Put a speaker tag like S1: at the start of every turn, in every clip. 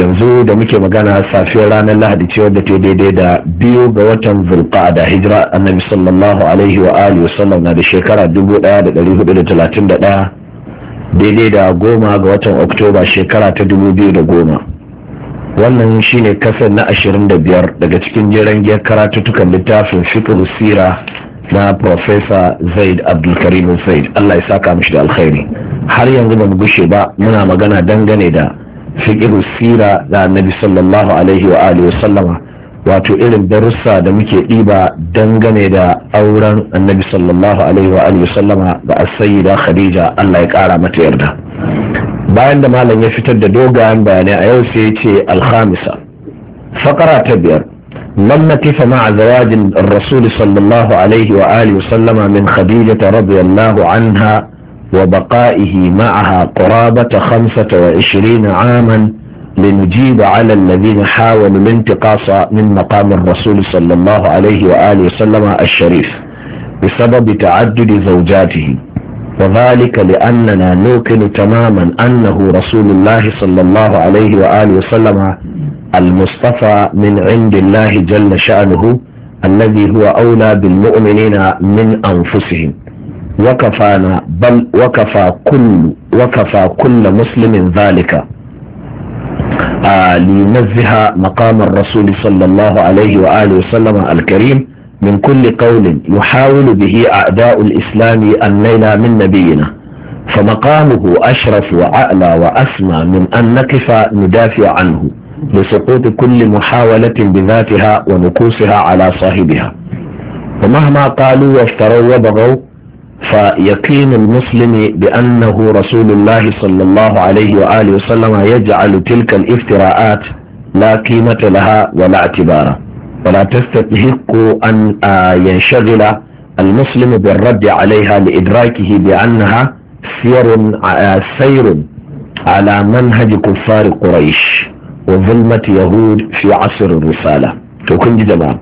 S1: yanzu da muke magana safiyar ranar lahadi ce wadda ta daidai da biyu ga watan zulka da hijira annabi sallallahu alaihi wa alihi sallam na da shekara 1431 daidai da goma ga watan oktoba shekara ta 2010 wannan shine kasar na 25 daga cikin jeren giyar karatuttukan littafin fikir sira na Profesa Zaid Abdulkarim Zaid Allah ya saka mishi da alkhairi har yanzu ba mu gushe ba muna magana dangane da fiqh sira da annabi sallallahu alaihi wa alihi wa sallama wato irin darussa da muke ɗiba dangane da auren annabi sallallahu alaihi wa alihi sallama da asayida khadija allah ya ƙara mata yarda bayan da malam ya fitar da dogayen bayanai a yau sai ya ce alhamisa fakara ta biyar لم نكف مع زواج الرسول sallallahu alaihi wa وآله وسلم من خديجة رضي الله عنها وبقائه معها قرابة خمسة وعشرين عاما لنجيب على الذين حاولوا الانتقاص من مقام الرسول صلى الله عليه وآله وسلم الشريف بسبب تعدد زوجاته وذلك لأننا نوقن تماما أنه رسول الله صلى الله عليه وآله وسلم المصطفى من عند الله جل شأنه الذي هو أولى بالمؤمنين من أنفسهم وكفانا بل وكفى كل وكفى كل مسلم ذلك آه، لينزه مقام الرسول صلى الله عليه وآله وسلم الكريم من كل قول يحاول به أعداء الإسلام أن نيل من نبينا فمقامه أشرف وأعلى وأسمى من أن نقف ندافع عنه لسقوط كل محاولة بذاتها ونكوسها على صاحبها ومهما قالوا وافتروا وبغوا فيقين المسلم بأنه رسول الله صلى الله عليه وآله وسلم يجعل تلك الافتراءات لا قيمة لها ولا اعتبار ولا تستحق أن آه، ينشغل المسلم بالرد عليها لإدراكه بأنها سير آه، سير على منهج كفار قريش وظلمة يهود في عصر الرسالة تكون جماعة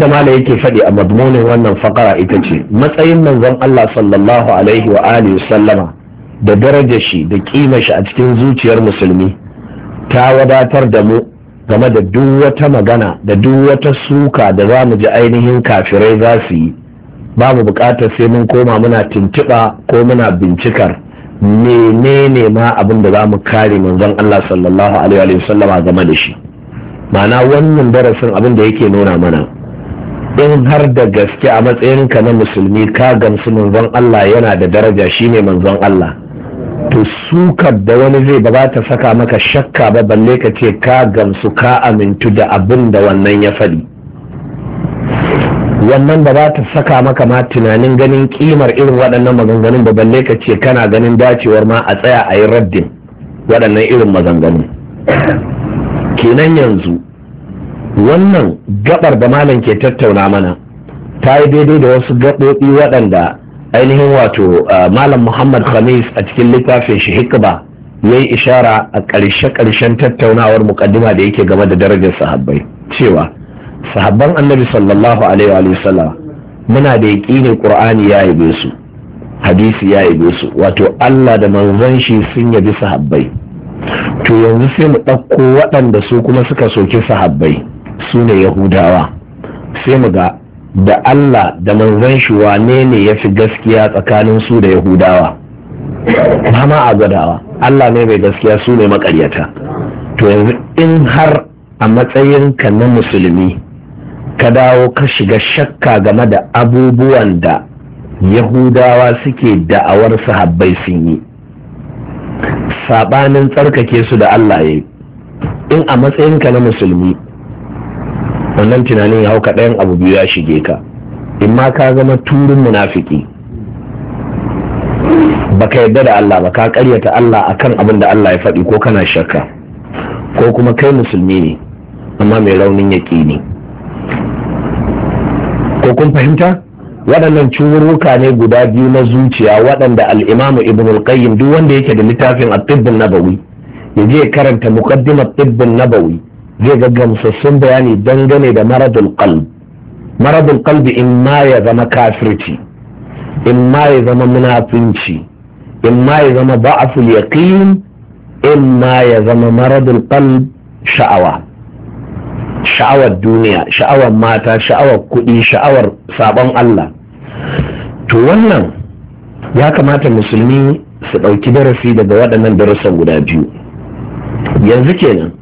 S1: da mala yake faɗi a madmunin wannan fakara ita ce matsayin manzon Allah sallallahu alaihi wa alihi sallama da darajar shi da kima shi a cikin zuciyar musulmi ta wadatar da mu game da duk wata magana da duk wata suka da za mu ji ainihin kafirai za su yi babu bukatar sai mun koma muna tuntuɓa ko muna bincikar menene ma abin da za kare manzon Allah sallallahu alaihi wa sallama game da shi mana wannan darasin abin da yake nuna mana in har da gaske a matsayinka na musulmi ka gamsu manzon Allah yana da daraja shi shine manzon Allah to sukar da wani zai ba ta saka maka shakka ba balle ka ce ka gamsu ka amintu da abin da wannan ya faɗi wannan ba ta saka maka ma tunanin ganin kimar irin waɗannan maganganun ba balle ka ce kana ganin dacewar ma a tsaya a yi raddin waɗannan irin maganganun kenan yanzu wannan gabar da malam ke tattauna mana ta yi daidai da wasu gaɓoɓi waɗanda ainihin wato malam muhammad khamis a cikin littafin shi hikba ya yi ishara a ƙarshe-ƙarshen tattaunawar mukaddima da yake game da darajar sahabbai cewa sahabban annabi sallallahu alaihi wa sallam muna da yaƙini qur'ani ya yabe su hadisi ya yabe su wato Allah da manzon shi sun yabi sahabbai to yanzu sai mu ɗauko waɗanda su kuma suka soki sahabbai su ne yahudawa sai mu ga da Allah da manzon shi wane ne ya fi gaskiya tsakanin su da yahudawa ba ma a gwadawa Allah ne mai gaskiya su ne makaryata to yanzu in har a matsayin ka na musulmi ka dawo ka shiga shakka game da abubuwan da yahudawa suke da'awar sahabbai sun yi sabanin tsarkake su da Allah ya yi in a matsayinka na musulmi wannan tunanin ya hau kaɗayan abu biyu ya shige ka in ma ka zama turin munafiki ka yarda da Allah ba ka karyata Allah a kan abin da Allah ya faɗi ko kana shakka ko kuma kai musulmi ne amma mai raunin ne. ko kun fahimta waɗannan cururuka ne guda biyu na zuciya waɗanda al'imamu ibn al-qayyim duk wanda yake da littafin at-tibb an-nabawi yaje karanta muqaddimat tibb an-nabawi zai ga gamsassun bayani dangane da maradul qalb maradul qalbi in ma ya zama kafirci in ma ya zama munafinci in ma ya zama ba'aful yaqin in ma ya zama maradul qalb sha'awa sha'awar duniya sha'awar mata sha'awar kuɗi sha'awar sabon Allah to wannan ya kamata musulmi su ɗauki darasi daga waɗannan darussan guda biyu yanzu kenan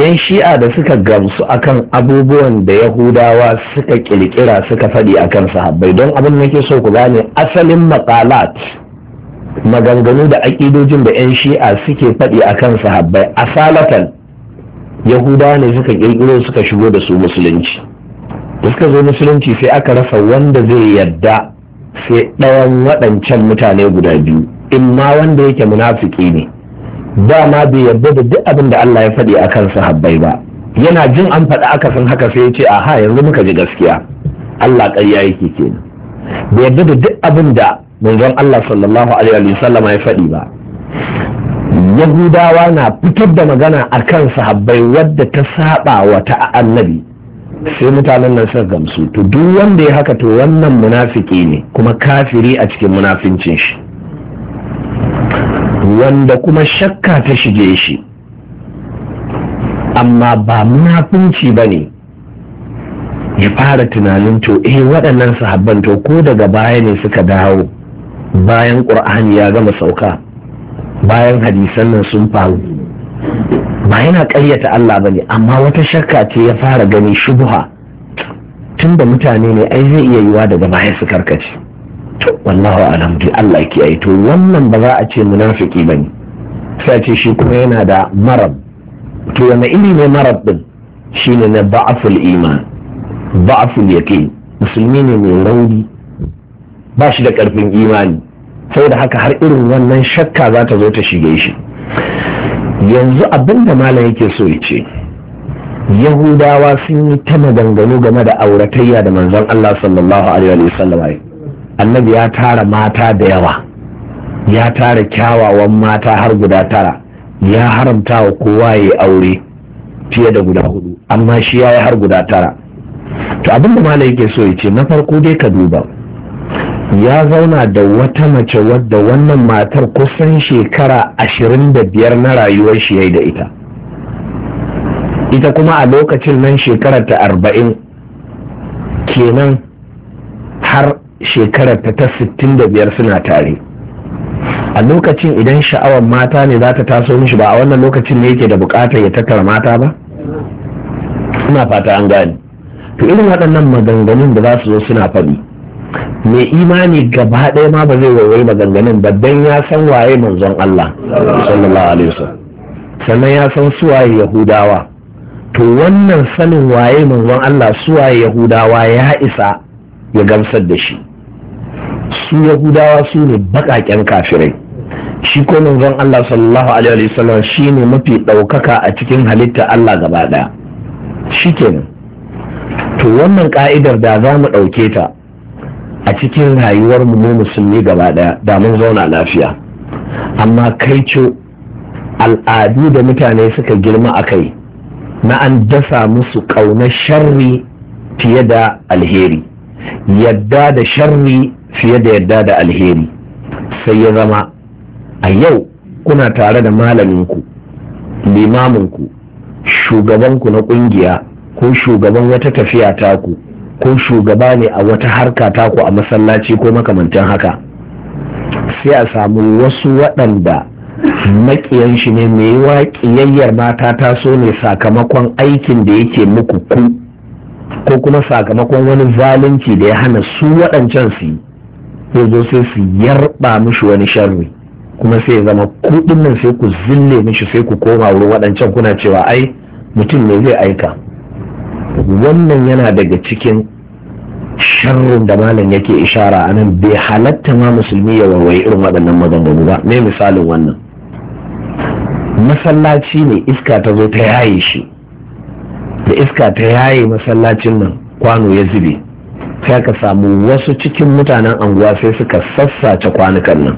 S1: 'yan shi'a da suka gamsu akan abubuwan da yahudawa suka ƙirƙira suka faɗi akan sahabbai don abin nake so ku gane asalin maƙalat maganganu da aƙidojin da 'yan shi'a suke faɗi akan sahabbai asalatan yahudawa ne suka ƙirƙiro suka shigo da su musulunci da suka zo musulunci sai aka rasa wanda zai yadda sai ɗayan waɗancan mutane guda biyu in ma wanda yake munafiki ne ma bai yarda da duk abin da Allah ya faɗi a kan sahabbai ba yana jin an faɗi akasin haka sai ya ce a ha yanzu muka ji gaskiya Allah ƙarya yake kenan bai yarda da duk abin da manzon Allah sallallahu alaihi wa sallam ya faɗi ba yahudawa na fitar da magana a kan sahabbai wadda ta saba wa ta annabi sai mutanen nan suka gamsu to duk wanda ya haka to wannan munafiki ne kuma kafiri a cikin munafincin shi wanda kuma shakka ta shige shi amma ba munafunci ba ne ya fara tunanin to eh waɗannan sahabban to ko daga baya ne suka dawo bayan ƙur'ani ya gama sauka bayan hadisan nan sun faru ba yana ƙayyata Allah ba ne amma wata shakka ce ya fara gani shubuha tun da mutane ne ai zai iya yiwa daga baya su karkace wallahu alam dai Allah ke yi to wannan ba za a ce munafiki bane sai ce shi kuma yana da marab to yana iri ne marab din shine na ba'ful iman ba'ful yaqin musulmi ne mai rauni ba shi da karfin imani saboda haka har irin wannan shakka za ta zo ta shige shi yanzu abinda malam yake so ya ce yahudawa sun yi ta maganganu game da auratayya da manzon Allah sallallahu alaihi wa sallam. annabi ya tara mata da yawa ya tara kyawawan mata har guda tara ya haramta wa kowa ya aure fiye da guda hudu amma shi ya yi har guda tara to abinda mala yake so ya ce na farko dai ka duba ya zauna da wata mace wadda wannan matar kusan shekara ashirin da biyar na rayuwar shi ya yi da ita ita kuma a lokacin nan shekarar ta arba'in kenan har shekarar ta ta biyar suna tare a lokacin idan sha'awar mata ne za ta taso mishi ba a wannan lokacin ne yake da bukatar ya tattara mata ba ina fata an gane to irin waɗannan maganganun da za su zo suna faɗi mai imani gaba ɗaya ma ba zai waiwai maganganun ba dan ya san waye manzon Allah sallallahu alaihi wasallam sannan ya san suwaye yahudawa to wannan sanin waye manzon Allah suwaye yahudawa ya isa ya gamsar da shi su yahudawa su ne baƙaƙen kafirai shi ko manzon Allah sallallahu alaihi wasallam shi ne mafi ɗaukaka a cikin halitta Allah gaba ɗaya shi to wannan ka'idar da za mu ɗauke ta a cikin rayuwar mu musulmi gaba ɗaya da mun zauna lafiya amma kai ce al'adu da mutane suka girma a kai na an dasa musu kauna sharri fiye da alheri yadda da sharri fiye da yadda da alheri sai ya zama a yau kuna tare da malaminku limaminku shugabanku na kungiya ko shugaban wata tafiya taku ko shugaba ne a wata harka taku a masallaci ko makamantan haka sai a samu wasu waɗanda makiyan shi ne mai wa ƙiyayyar mata taso ne sakamakon aikin da yake muku ku ko kuma sakamakon wani zalunci da ya hana su waɗancan su yi zai zo sai su yarba mishi wani sharri kuma sai ya zama kuɗin nan sai ku zille mishi sai ku koma wurin waɗancan kuna cewa ai mutum ne zai aika wannan yana daga cikin sharrin da malam yake ishara a nan bai halatta ma musulmi ya warware irin waɗannan maganganu ba na misalin wannan masallaci ne iska ta zo ta yaye shi da iska ta yaye masallacin nan kwano ya zube sai ka samu wasu cikin mutanen anguwa sai suka sassace kwanukan nan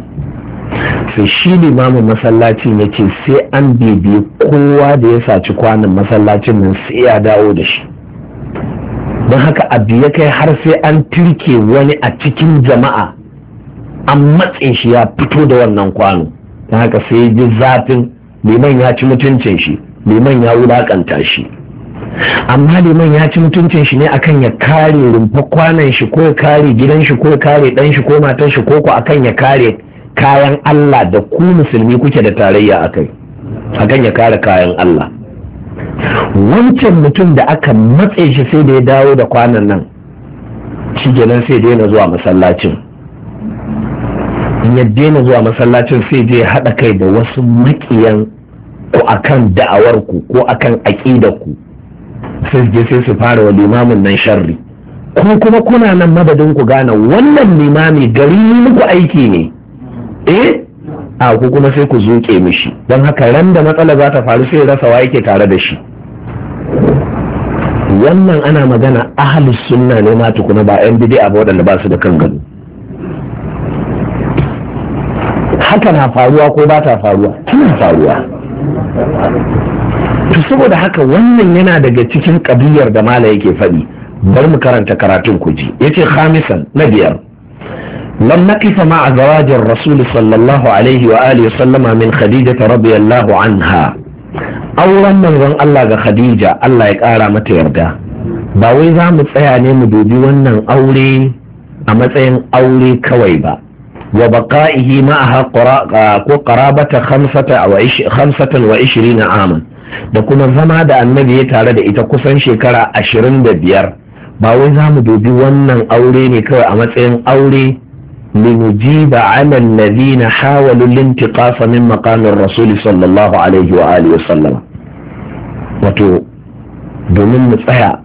S1: sai shi limamin masallaci ya ce sai an bibiyi kowa da ya saci kwanan masallacin nan sai ya dawo da shi don haka abu ya kai har sai an turke wani a cikin jama'a an matsin shi ya fito da wannan kwano don haka sai ji zafin liman ya ci mutuncin shi liman ya wulakanta shi amma liman ya ci mutuncin shi ne akan ya kare rumfa kwanan shi ko ya kare gidan shi ko ya kare dan shi ko matan shi ko ko akan ya kare kayan Allah da ku musulmi kuke da tarayya akai akan ya kare kayan Allah wancan mutum da aka matse shi sai da ya dawo da kwanan nan shi kenan sai daina zuwa masallacin ya daina zuwa masallacin sai je haɗa kai da wasu makiyan ku akan da'awar ku ko akan aƙidar ku sai je sai su fara wa limamin nan sharri ku kuma kuna nan madadin ku gane wannan limami gari muku aiki ne eh a ku kuma sai ku zuke mishi don haka ran da matsala za ta faru sai rasa wa yake tare da shi wannan ana magana ahalus sunna ne ma tukuna ba yan bid'a ba wadanda ba su da kan gado haka na faruwa ko ba ta faruwa tana faruwa to saboda haka wannan yana daga cikin kabiyar da mala yake faɗi bari mu karanta karatun ku ji yace khamisan na biyar lam naqifa ma'a zawajin rasul sallallahu alaihi wa alihi sallama min khadija radiyallahu anha auren manzon Allah ga khadija Allah ya kara mata yarda ba wai za mu tsaya ne mu dubi wannan aure a matsayin aure kawai ba wa baqa'ihi ma'aha ko qarabata khamsata wa 25 aman da kuma zama da annabi ya tare da ita kusan shekara ashirin da biyar ba wai za mu dubi wannan aure ne kawai a matsayin aure na ala alladhina hawalu lintiqasa min maqamin rasul sallallahu alaihi wa alihi wasallam wato domin mu tsaya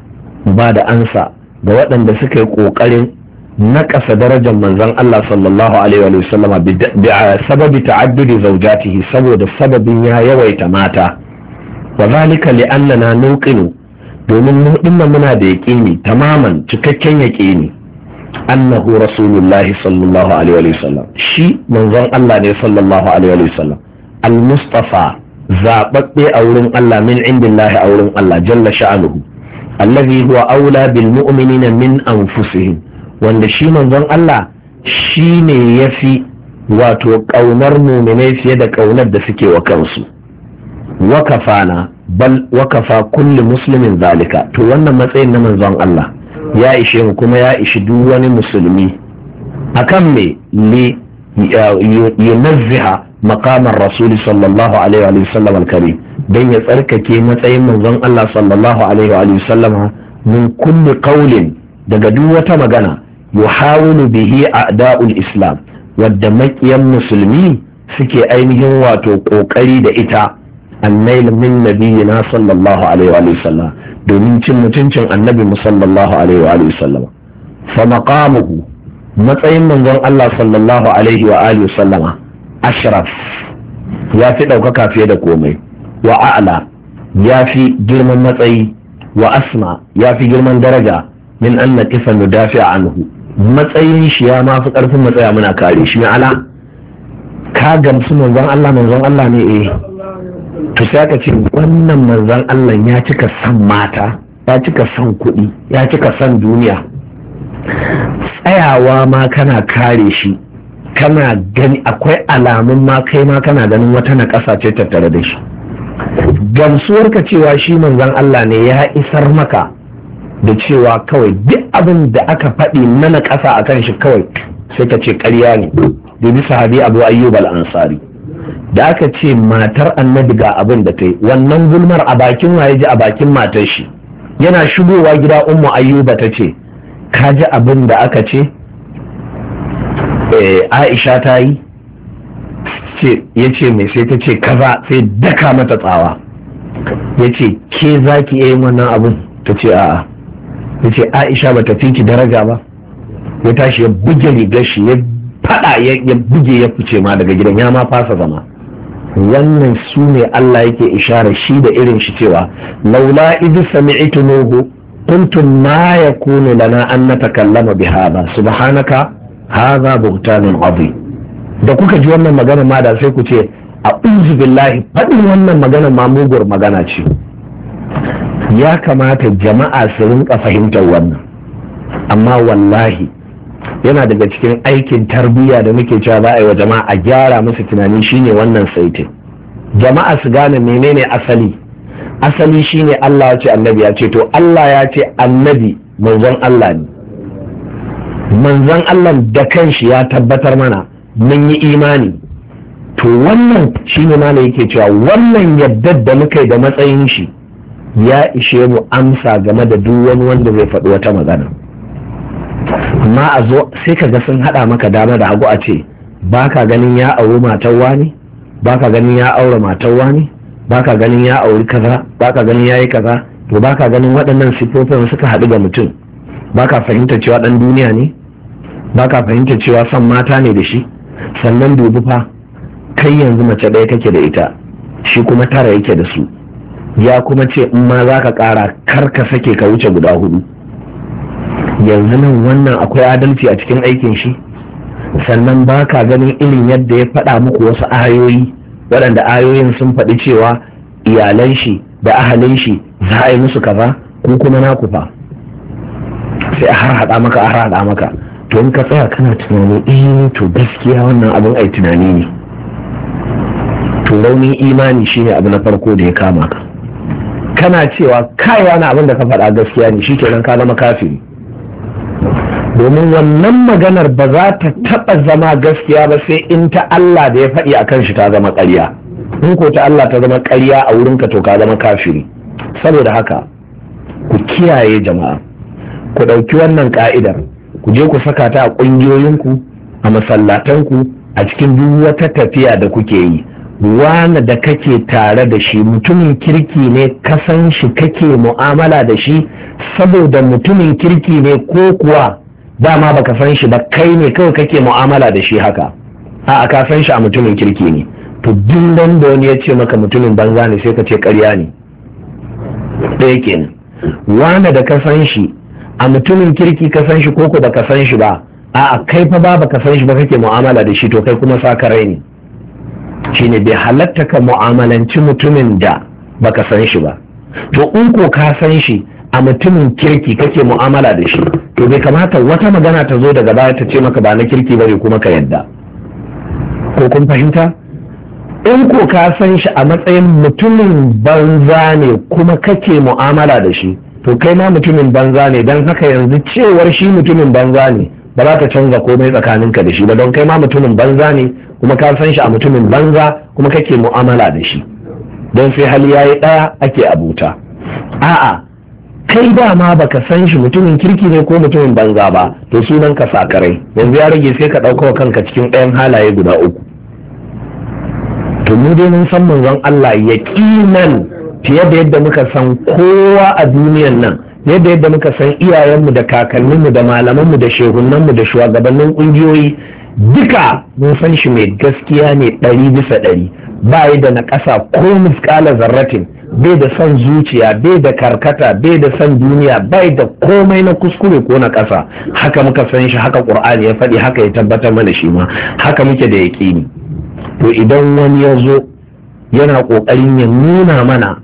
S1: ba da ansa ga waɗanda suka yi ƙoƙarin naƙasa darajar manzon Allah sallallahu alaihi wa sallama sababi ta'addudi zaujatihi saboda sababin ya yawaita mata wa zalika li annana nuqinu domin mu muna da yaqini tamaman cikakken yaqini annahu rasulullahi sallallahu alaihi wa sallam shi manzon Allah ne sallallahu alaihi wa sallam al-mustafa zababbe a wurin Allah min indillahi a wurin Allah jalla sha'anuhu allazi huwa aula bil mu'minina min anfusihim wanda shi manzon Allah Shi ne yafi wato kaunar mu'minai fiye da kaunar da suke wa kansu wakafana bal wakafa kulli muslimin zalika to wannan matsayin na manzon Allah ya ishe mu kuma ya ishi duk wani musulmi akan me li yunazziha maqamar rasuli sallallahu alaihi wa sallam al dan ya tsarkake matsayin manzon Allah sallallahu alaihi wa sallam min kulli qawlin daga duk wata magana yuhawilu bihi a'da'ul islam wadda makiyan musulmi suke ainihin wato kokari da ita annail min nabiyina sallallahu alaihi wa sallam domin cin mutuncin annabi mu sallallahu alaihi wa sallam fa maqamuhu matsayin manzon Allah sallallahu alaihi wa alihi sallama ashraf ya fi ɗaukaka fiye da komai wa a'la ya fi girman matsayi wa asma ya fi girman daraja min an na kisa nudafi anhu matsayin shi ya ma fi ƙarfin matsaya muna kare shi ala ka gamsu manzon Allah manzon Allah ne eh to sai aka ce wannan manzan Allah ya cika san mata ya cika san kuɗi ya cika san duniya tsayawa ma kana kare shi kana gani akwai alamun ma kai ma kana ganin wata na ƙasa ce tattare da shi gamsuwarka cewa shi manzan Allah ne ya isar maka da cewa kawai duk abin da aka faɗi na na ƙasa a kan shi kawai sai ka ce ƙarya ne domin sahabi abu ayyub al-ansari da aka ce matar annabi ga abin da ta yi wannan gulmar a bakin waye ji a bakin matar shi yana shigowa gida ummu ayyuba ta ce ka ji abin da aka ce eh, aisha ta yi ya ce mai sai ta ce kaza sai daka mata tsawa ya ce ke za ki yi wannan abin ta ce a'a ya ce aisha ba ta fi ki daraja ba ya tashi ya buge rigar shi ya fada ya buge ya fice ma daga gidan ya ma fasa zama wannan su ne Allah yake ishara shi da irin shi cewa laula idh sami'tumuhu kuntum ma yakunu lana an natakallama bihadha subhanaka hadha buhtanun adhim da kuka ji wannan magana ma da sai ku ce a billahi faɗin wannan magana ma mugur magana ce ya kamata jama'a su rinka fahimtar wannan amma wallahi yana daga cikin aikin tarbiyya da muke cewa za a yi wa jama'a a gyara musu tunani shine wannan saitin jama'a su gane menene asali asali shine Allah ya ce annabi ya ce to Allah ya ce annabi manzon Allah ne manzon Allah da kanshi ya tabbatar mana mun yi imani to wannan shine mana yake cewa wannan yadda da muka yi da matsayin shi ya ishe mu amsa game da duk wani wanda zai faɗi wata magana amma a zo sai ka ga sun haɗa maka dama da hagu a ce ba ka ganin ya auri matar wani ba ka ganin ya aure matar wani ba ka ganin ya auri kaza ba ka ganin ya yi kaza to ba ka ganin waɗannan siffofin suka haɗu ga mutum ba ka fahimta cewa ɗan duniya ne ba ka fahimta cewa son mata ne da shi sannan dubi fa kai yanzu mace ɗaya kake da ita shi kuma tara yake da su ya kuma ce in ma za ka ƙara kar ka sake ka wuce guda hudu yanzu nan wannan akwai adalci a cikin aikin shi sannan ba ka ganin irin yadda ya faɗa muku wasu ayoyi waɗanda ayoyin sun faɗi cewa iyalan shi da ahalin shi za a yi musu kaza ko kuma na kufa sai a har haɗa maka a har haɗa maka to in ka tsaya kana tunani eh to gaskiya wannan abin ai tunani ne to raunin imani shine abu na farko da ya kama ka kana cewa kai wani abin da ka faɗa gaskiya ne shi shikenan ka zama kafiri domin wannan maganar ba za ta taɓa zama gaskiya ba sai in ta Allah da ya faɗi a kan shi ta zama ƙarya in ko ta Allah ta zama ƙarya a wurinka to ka zama kafiri saboda haka ku kiyaye jama'a ku ɗauki wannan ƙa'idar, ku je ku saka ta a ƙungiyoyinku a masallatanku a cikin duk wata tafiya da kuke yi wane da kake tare da shi mutumin kirki ne kasan shi kake mu'amala da shi saboda mutumin kirki ne ko kuwa dama baka san shi ba kai ne kawai kake mu'amala da shi haka a ka san shi a mutumin kirki ne to duk dan da wani ya ce maka mutumin banza ne sai ka ce ƙarya ne ɗaya kenan wanda da ka san shi a mutumin kirki ka san shi koko ka san shi ba a kai fa ba ka san shi ba kake mu'amala da shi to kai kuma sa ka ne shine bai halatta ka mu'amalanci mutumin da baka san shi ba to in ko ka san shi a mutumin kirki kake mu'amala da shi to bai kamata wata magana ta zo daga baya ta ce maka ba na kirki bane kuma ka yadda ko kun fahimta in ko ka san shi a matsayin mutumin banza ne kuma kake mu'amala da shi to kai ma mutumin banza ne don haka yanzu cewar shi mutumin banza ne ba za ta canza komai tsakaninka da shi ba don kai ma mutumin banza ne kuma ka san shi a mutumin banza kuma kake mu'amala da shi don sai hali yayi ɗaya ake abuta a'a kai dama baka san shi mutumin kirki ne ko mutumin banza ba to sunan ka sakarai yanzu ya rage sai ka ɗauka kanka cikin ɗayan halaye guda uku to mu dai mun san manzon Allah nan fiye da yadda muka san kowa a duniyan nan yadda yadda muka san iyayenmu da kakanninmu da malamanmu da shehunanmu da shugabannin ƙungiyoyi. duka mun san shi mai gaskiya ne ɗari bisa ɗari ba da na ƙasa ko muskala zarratin bai da son zuciya bai da karkata bai da son duniya bai da komai na kuskure ko na ƙasa haka muka san shi haka ƙur'ani ya faɗi haka ya tabbatar mana shi ma haka muke da yaƙini to idan wani ya zo yana ƙoƙarin ya nuna mana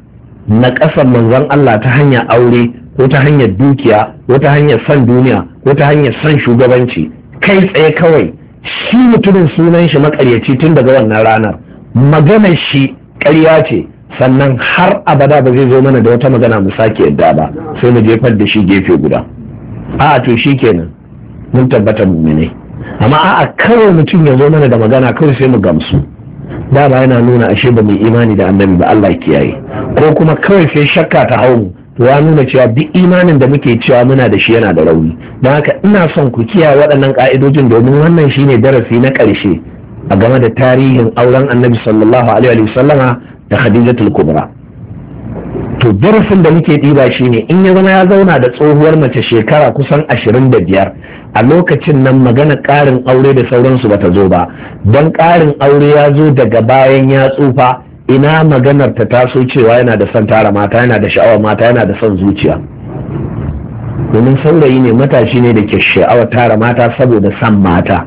S1: na ƙasar manzon Allah ta hanyar aure ko ta hanyar dukiya ko ta hanyar son duniya ko ta hanyar son shugabanci kai tsaye kawai shi mutumin sunan shi makaryaci tun daga wannan ranar maganar shi karya ce sannan har abada ba zai zo mana da wata magana mu sake yadda ba sai mu jefar da shi gefe guda a to shi kenan mun tabbata ne. amma a'a kawai mutum ya zo mana da magana kawai sai mu gamsu da ba yana nuna ashe ba mu imani da annabi ba Allah kiyaye ko kuma kawai sai shakka ta hau to ya nuna cewa duk imanin da muke cewa muna da shi yana da rauni don haka ina son ku kiyaye waɗannan ƙa'idojin domin wannan shine darasi na ƙarshe a game da tarihin auren annabi sallallahu alaihi wa sallama da khadijatul kubra to darasin da muke ɗiba shine in ya zama ya zauna da tsohuwar mace shekara kusan ashirin da biyar a lokacin nan magana ƙarin aure da sauransu bata zo ba don ƙarin aure ya zo daga bayan ya tsufa ina maganar ta taso cewa yana da son tara mata yana da sha'awa mata yana da son zuciya domin saurayi ne matashi ne da ke sha'awar tara mata saboda son mata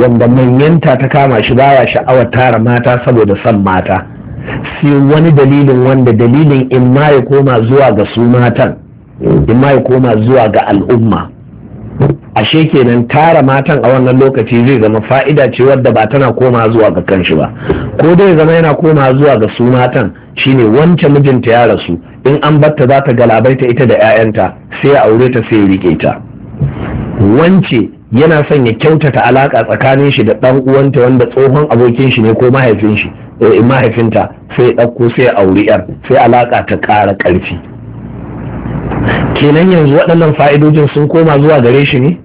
S1: wanda manyanta ta kama shi baya sha'awar tara mata saboda son mata sai wani dalilin wanda dalilin in ma ya koma zuwa ga su matan in ma ya koma zuwa ga al'umma ashe kenan tara matan a wannan lokaci zai zama fa'ida ce wadda ba tana koma zuwa ga kanshi ba ko dai zama yana koma zuwa ga su matan shine wancan mijinta ya rasu in an batta za ta galabaita ita da 'ya'yanta sai ya aure ta sai ya rike ta wance yana son ya kyautata alaka tsakanin shi da ɗan uwanta wanda tsohon abokin shi ne ko mahaifin shi eh, mahaifinta sai ya ɗauko sai ya aure yar sai alaka ta ƙara ƙarfi kenan yanzu waɗannan fa'idojin sun koma zuwa gare shi ne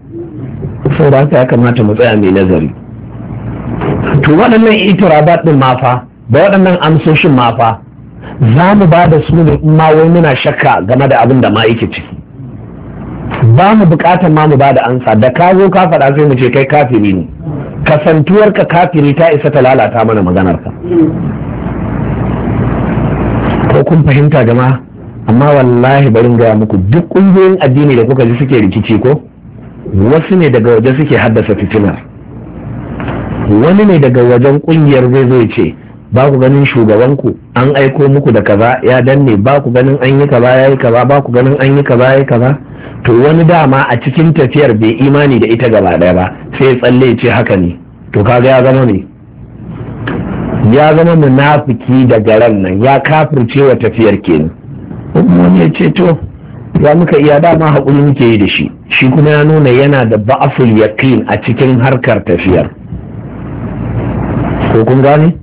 S1: da haka ya kamata mu tsaya mai nazari to waɗannan itirabat ɗin mafa da waɗannan amsoshin mafa za mu ba da su ne ma wai muna shakka game da abin da ma yake ciki ba mu buƙatar ma mu ba da ansa da ka zo ka faɗa sai mu ce kai kafiri ne kasantuwar ka kafiri ta isa ta lalata mana maganarka. ko kun fahimta jama'a amma wallahi barin gaya muku duk ƙungiyoyin addini da kuka ji suke rikici ko wasu ne daga waje suke haddasa fitinar wani ne daga wajen ƙungiyar zai zo ce ba ku ganin shugabanku an aiko muku da kaza ya danne ba ku ganin an yi kaza ya yi kaza ba ku ganin an yi kaza ya yi kaza to wani dama a cikin tafiyar bai imani da ita gaba ɗaya ba sai ya tsalle ce haka ne to kaga ya zama ne ya zama munafiki daga ran nan ya kafirce wa tafiyar kenan wani ya ce to ya muka iya dama haƙuri muke yi da shi shi kuma ya nuna yana da ba'aful yaqin a cikin harkar tafiyar ko kun gane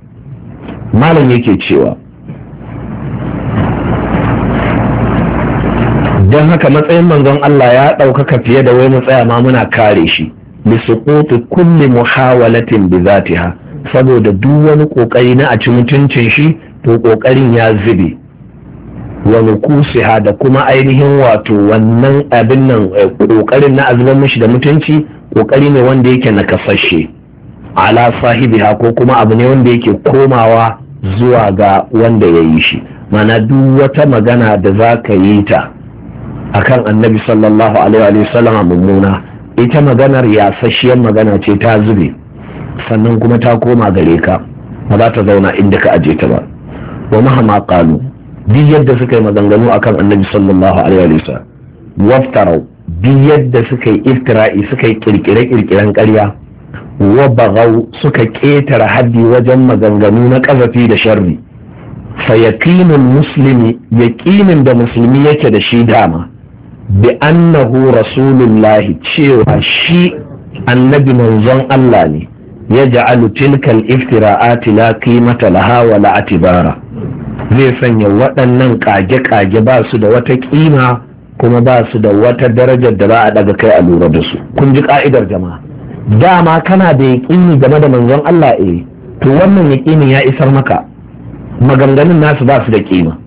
S1: malam yake cewa don haka matsayin manzon Allah ya ɗaukaka fiye da wai mu tsaya ma muna kare shi bi kulle kulli muhawalatin bi zatiha saboda duk wani kokari na a ci mutuncin shi to kokarin ya zube Wani kusi da kuma ainihin wato wannan abin nan eh, kokarin na azumin mishi da mutunci kokari ne wanda yake nakasashe ala sahibiha ko kuma abu ne wanda yake komawa zuwa ga wanda ya yi shi mana duk wata magana da za ka yi ta A kan annabi sallallahu alaihi wa sallam mummuna ita maganar yasasshiyar magana ce ta zube sannan kuma ta koma gare ka ba za ta zauna inda ka aje ta ba wa mahama qalu duk yadda suka yi maganganu akan annabi sallallahu alaihi wa sallam waftarau di yadda suka yi iftira'i suka yi kirkire kirkiren ƙarya wa bagau suka ƙetare haddi wajen maganganu na ƙazafi da sharri fa yaqinul muslimi yaqinin da musulmi yake da shi dama bi annahu rasulullahi cewa shi annabi manzon Allah ne ya ja'alu tilkal iftira'ati la qimata laha wa la atibara zai sanya waɗannan ƙage-ƙage ba su da wata ƙima kuma ba su da wata darajar da za a ɗaga kai a lura da su kun ji ka'idar jama'a dama kana da yaƙini game da manzon Allah eh to wannan yaƙinin ya isar maka maganganun nasu ba su da ƙima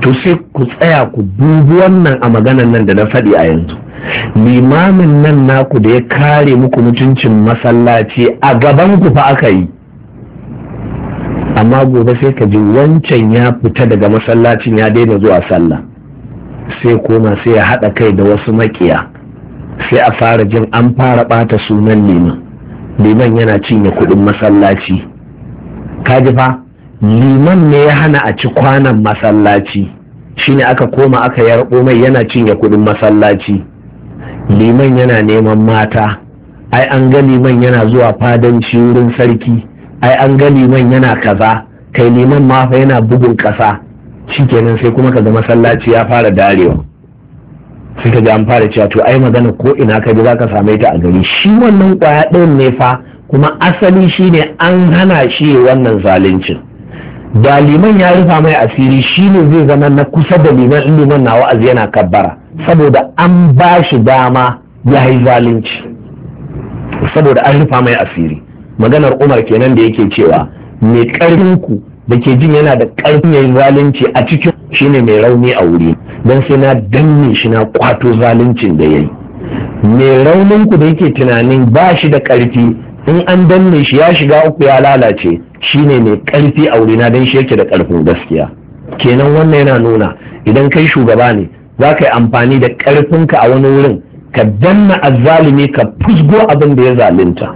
S1: to sai ku tsaya ku dubi wannan a maganan nan da na faɗi a yanzu limamin nan naku da ya kare muku mutuncin masallaci a gaban ku fa aka yi amma gobe sai ka ji wancan ya fita daga masallacin ya daina zuwa sallah sai koma sai ya haɗa kai da wasu makiya sai a fara jin an fara ɓata sunan liman liman yana cinye kuɗin masallaci ka ji fa liman ne ya hana a ci kwanan masallaci shine aka koma aka yarɓo mai yana cinye kuɗin masallaci liman yana neman mata ai an ga liman yana zuwa fadanci wurin sarki ai an ga liman yana kaza kai liman ma fa yana bugun kasa shikenan sai kuma ka kaga masallaci ya fara darewa sai ka an fara cewa to ai magana ko ina ka ji za ka same ta a gari shi wannan kwaya ɗin ne fa kuma asali shine an hana shi wannan zaluncin da liman ya rufa mai asiri shi ne zai zama na kusa da liman in liman na wa'azi yana kabbara saboda an ba shi dama ya yi zalunci saboda an rufa mai asiri maganar umar kenan da yake cewa mai ƙarfin ku da ke jin yana da ƙarfin yayin zalunci a cikin shine mai rauni a wuri don sai na danne shi na kwato zaluncin da yayi mai raunin ku da yake tunanin ba shi da ƙarfi in an danne shi ya shiga uku ya lalace shine mai ƙarfi a wuri na don shi yake da ƙarfin gaskiya kenan wannan yana nuna idan kai shugaba ne za ka yi amfani da ƙarfinka a wani wurin ka danna azzalumi ka fusgo abin da ya zalunta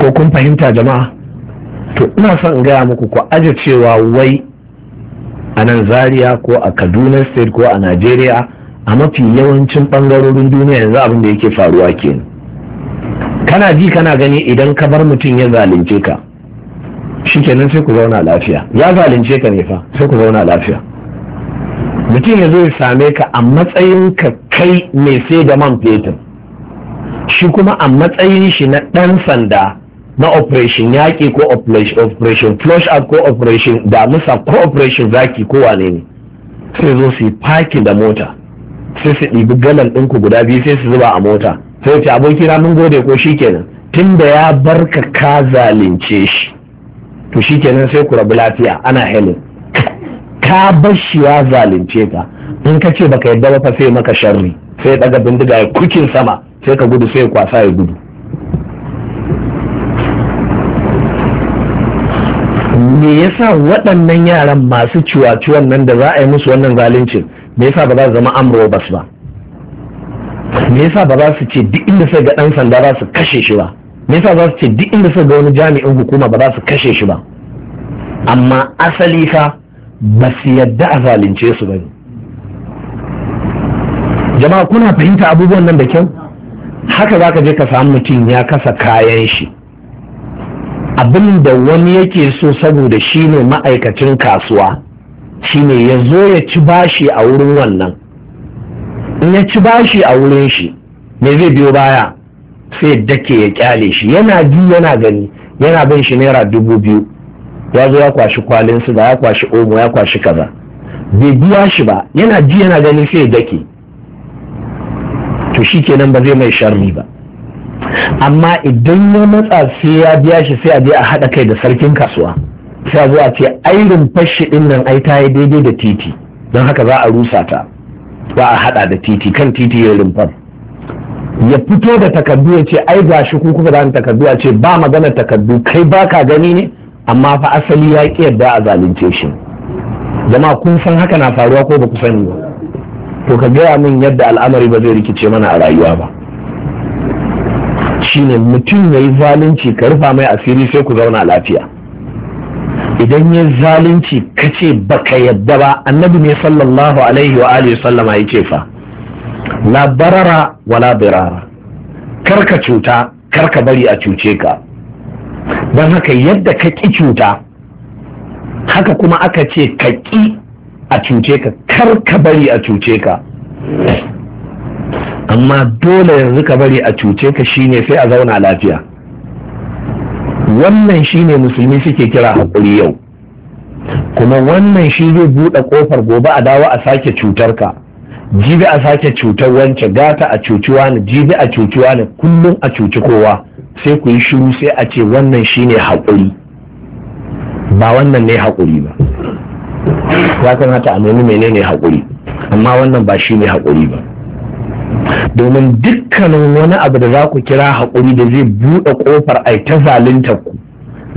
S1: ko kun fahimta jama'a to ina son in gaya muku ku aje cewa wai a nan zaria ko a kaduna state ko a najeriya a mafi yawancin bangarorin duniya yanzu abin da yake faruwa ke kana ji kana gani idan ka bar mutum ya zalunce ka shikenan sai ku zauna lafiya ya zalunce ka ne fa sai ku zauna lafiya mutum ya zo ya same ka a matsayin ka kai mai sai da man fetur shi kuma a matsayin shi na ɗan sanda na operation yaƙi ko operation flush out ko operation musa ko operation zaki ko wane ne sai zo su yi parking da mota sai su ɗibi galan ɗinku guda biyu sai su zuba a mota sai ce aboki na mun gode ko shikenan tun da ya barka ka zalunce shi to shikenan sai ku rabu lafiya ana helin ka bar shi ya zalunce ka in ka ce baka yadda ba fa sai maka sharri sai ɗaga bindiga ya kukin sama sai ka gudu sai kwasa ya gudu me yasa waɗannan yaran masu ciwaciwan nan da za a yi musu wannan zalincin me yasa ba za su zama amro su ba me yasa ba za su ce duk inda sai ga ɗan sanda za su kashe shi ba me yasa za su ce duk inda sai ga wani jami'in hukuma ba za su kashe shi ba amma asali ka ba su yadda a zalunce su ba jama'a kuna fahimta abubuwan nan da kyau haka za ka je ka samu mutum ya kasa kayan shi abin da wani yake so saboda shi ne ma'aikacin kasuwa shine ya zo ya ci bashi a wurin wannan in ya ci bashi a wurin shi me zai biyo baya sai dake ya kyale shi yana ji yana gani yana bin shi naira dubu biyu ya zo ya kwashi kwalin siga ya kwashi omo ya kwashi kaza bai biya shi ba yana ji yana gani sai dake to shi kenan ba zai mai sharri ba amma idan ya matsa sai ya biya shi sai a je a haɗa kai da sarkin kasuwa sai a a ce airin fashi ɗin nan ai ta yi daidai da titi don haka za a rusa ta ba a haɗa da titi kan titi ya rumfar ya fito da takardu ya ce ai ba shi ku kuka ni takardu A ce ba magana takardu kai ba ka gani ne amma fa asali ya ƙi yadda a zalunce shi Zama kun san haka na faruwa ko ba ku sani ba to ka gaya min yadda al'amari ba zai rikice mana a rayuwa ba shine mutum ya yi zalunci ka rufa mai asiri sai ku zauna lafiya idan ya zalunci ka ce ba ka yadda ba annabi ne sallallahu alaihi wa alihi sallama ya ce fa la barara wala birara karka cuta karka bari a cuce ka don haka yadda ka ƙi cuta haka kuma aka ce ka ƙi a cuce ka karka bari a cuce ka amma dole yanzu ka bari a cuce ka shine sai a zauna lafiya wannan shine musulmi suke kira haƙuri yau kuma wannan shi zai buɗe ƙofar gobe a dawo a sake cutar ka jibi a sake cutar wance gata a cuci wani jibi a cuci wani kullum a cuci kowa sai ku yi shiru sai a ce wannan shine haƙuri ba wannan ne haƙuri ba ya kamata a nemi menene haƙuri amma wannan ba shi ne haƙuri ba domin dukkanin wani abu da za ku kira haƙuri da zai buɗe ƙofar ai ta zaluntar ku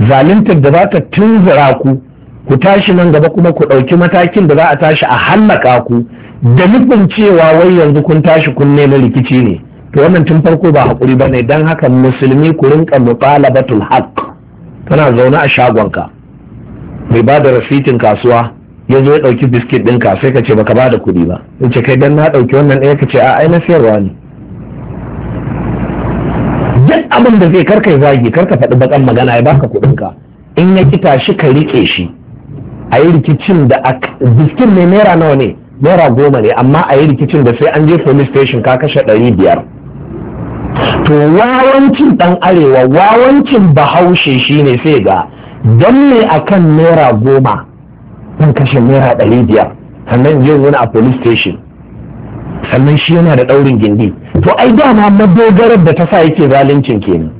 S1: zaluntar da za ta tunzura ku ku tashi nan gaba kuma ku ɗauki matakin da za a tashi a hallaka ku da nufin cewa wai yanzu kun tashi kun nemi rikici ne to wannan tun farko ba haƙuri ba ne don haka musulmi ku rinka muqalabatul haq kana zaune a shagonka mai ba da rasitin kasuwa ya zo ya ɗauki biskit ɗinka sai ka ce baka ba da kuɗi ba in ce kai dan na ɗauki wannan ɗaya ka ce a ai na siyarwa ne duk abin da zai karka zagi karka faɗi bakan magana ya baka kuɗinka in ya kita tashi ka riƙe shi a yi rikicin da biskit ne naira nawa ne naira goma ne amma a yi rikicin da sai an je police station ka kashe ɗari biyar to wawancin ɗan arewa wawancin bahaushe shine sai ga don me akan naira goma zan kashe naira ɗari biyar sannan yin wani a police station sannan shi yana da ɗaurin gindi to ai dama madogarar da ta sa yake zaluncin kenan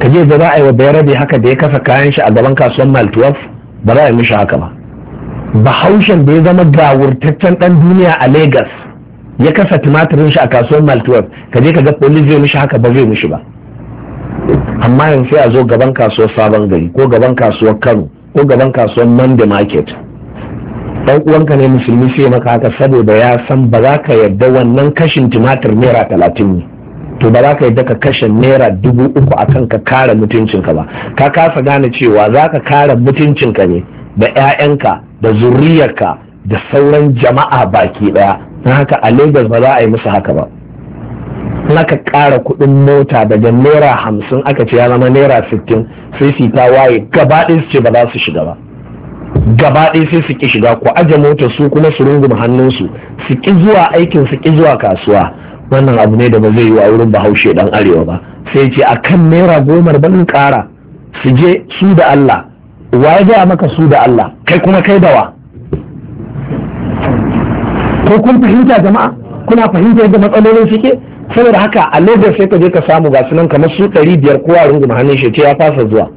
S1: ka je da za a yi wa bayarabe haka da ya kasa kayan shi a gaban kasuwan mal 12 ba za a yi mishi haka ba bahaushen da ya zama gawurtaccen ɗan duniya a lagos ya kasa tumatirin shi a kasuwar maltuwar ka je ka ga police zai mishi haka ba zai mishi ba amma yanzu sai a zo gaban kasuwar sabon gari ko gaban kasuwar kano ko gaban kasuwar mande market Ɗan uwanka ne musulmi sai maka haka saboda ya san ba za ka yarda wannan kashin tumatir naira talatin ne to ba za ka yadda ka kashe naira dubu uku a kan ka kare mutuncinka ba ka kasa gane cewa za ka kare mutuncinka ne da 'ya'yanka da zuriyarka da sauran jama'a baki ɗaya. na haka a lagos ba za a yi musu haka ba ka kara kuɗin mota daga naira hamsin aka ce ya zama naira sittin sai ta waye gaba ɗin su ce ba za su shiga ba gaba ɗaya sai su ƙi shiga ku aje motar su kuma su runguma hannunsu su ƙi zuwa aikin su ƙi zuwa kasuwa wannan abu ne da ba zai yi wa wurin bahaushe dan arewa ba sai ce a kan naira gomar ban ƙara su je su da Allah wa ya gaya maka su da Allah kai kuma kai dawa ko kun fahimta jama'a kuna fahimta yadda matsalolin suke saboda haka a Lagos sai ka je ka samu ga sunan kamar su ɗari biyar kowa runguma hannun shi ce ya fasa zuwa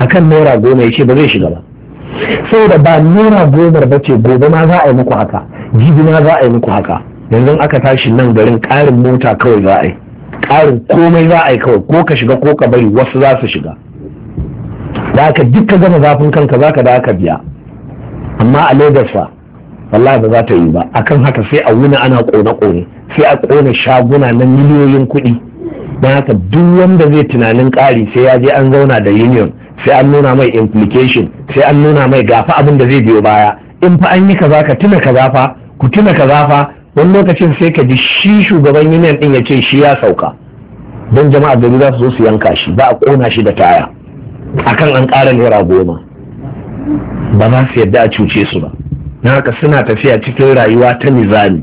S1: akan naira goma ya ce ba zai shiga ba saboda ba nuna gomar ba ce gobe ma za a yi muku haka jibi ma za a yi muku haka yanzu aka tashi nan garin ƙarin mota kawai za a yi ƙarin komai za a yi kawai ko ka shiga ko ka bari wasu za su shiga da aka dukka gama zafin kanka za ka da aka biya amma a lagos fa wallahi ba za ta yi ba akan haka sai a wuna ana kone-kone sai a kone shaguna na miliyoyin kuɗi don haka duk wanda zai tunanin ƙari sai ya je an zauna da union sai an nuna mai implication sai an nuna mai gafa abin da zai biyo baya in fa an yi kaza ka tuna kaza fa ku tuna kaza fa wani lokacin sai ka ji shi shugaban union din ya ce shi ya sauka don jama'a gari za su zo su yanka shi ba a kona shi da taya akan an ƙara naira goma ba za su yadda a cuce su ba na haka suna tafiya cikin rayuwa ta nizami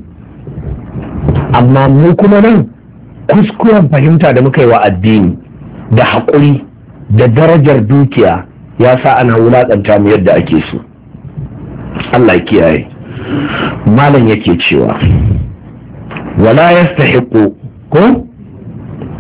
S1: amma mu kuma nan kuskuren fahimta da muka yi wa addini da haƙuri da darajar dukiya ya sa ana wulaƙanta mu yadda ake so Allah kiyaye malam yake cewa wala ya ko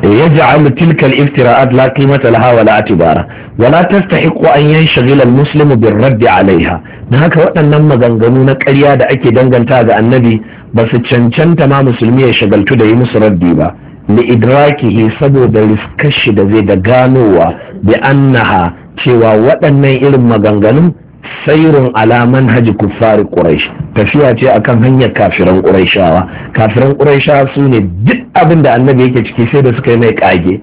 S1: eh, ya ji tilkal iftira'at la qimata laha wala atibara wala tastahiqu an yanshaghila al-muslimu bir radd 'alayha haka waɗannan maganganu na karya da ake danganta ga annabi ba su cancanta ma musulmi ya shagaltu da yi musu raddi ba li idrakihi saboda riskashi da zai da ganowa bi annaha cewa waɗannan irin maganganun sairun alaman haji kuffari ƙuraish tafiya ce akan hanyar kafiran ƙuraishawa kafiran ƙuraishawa su ne duk abin da annabi yake ciki sai da suka yi mai ƙage,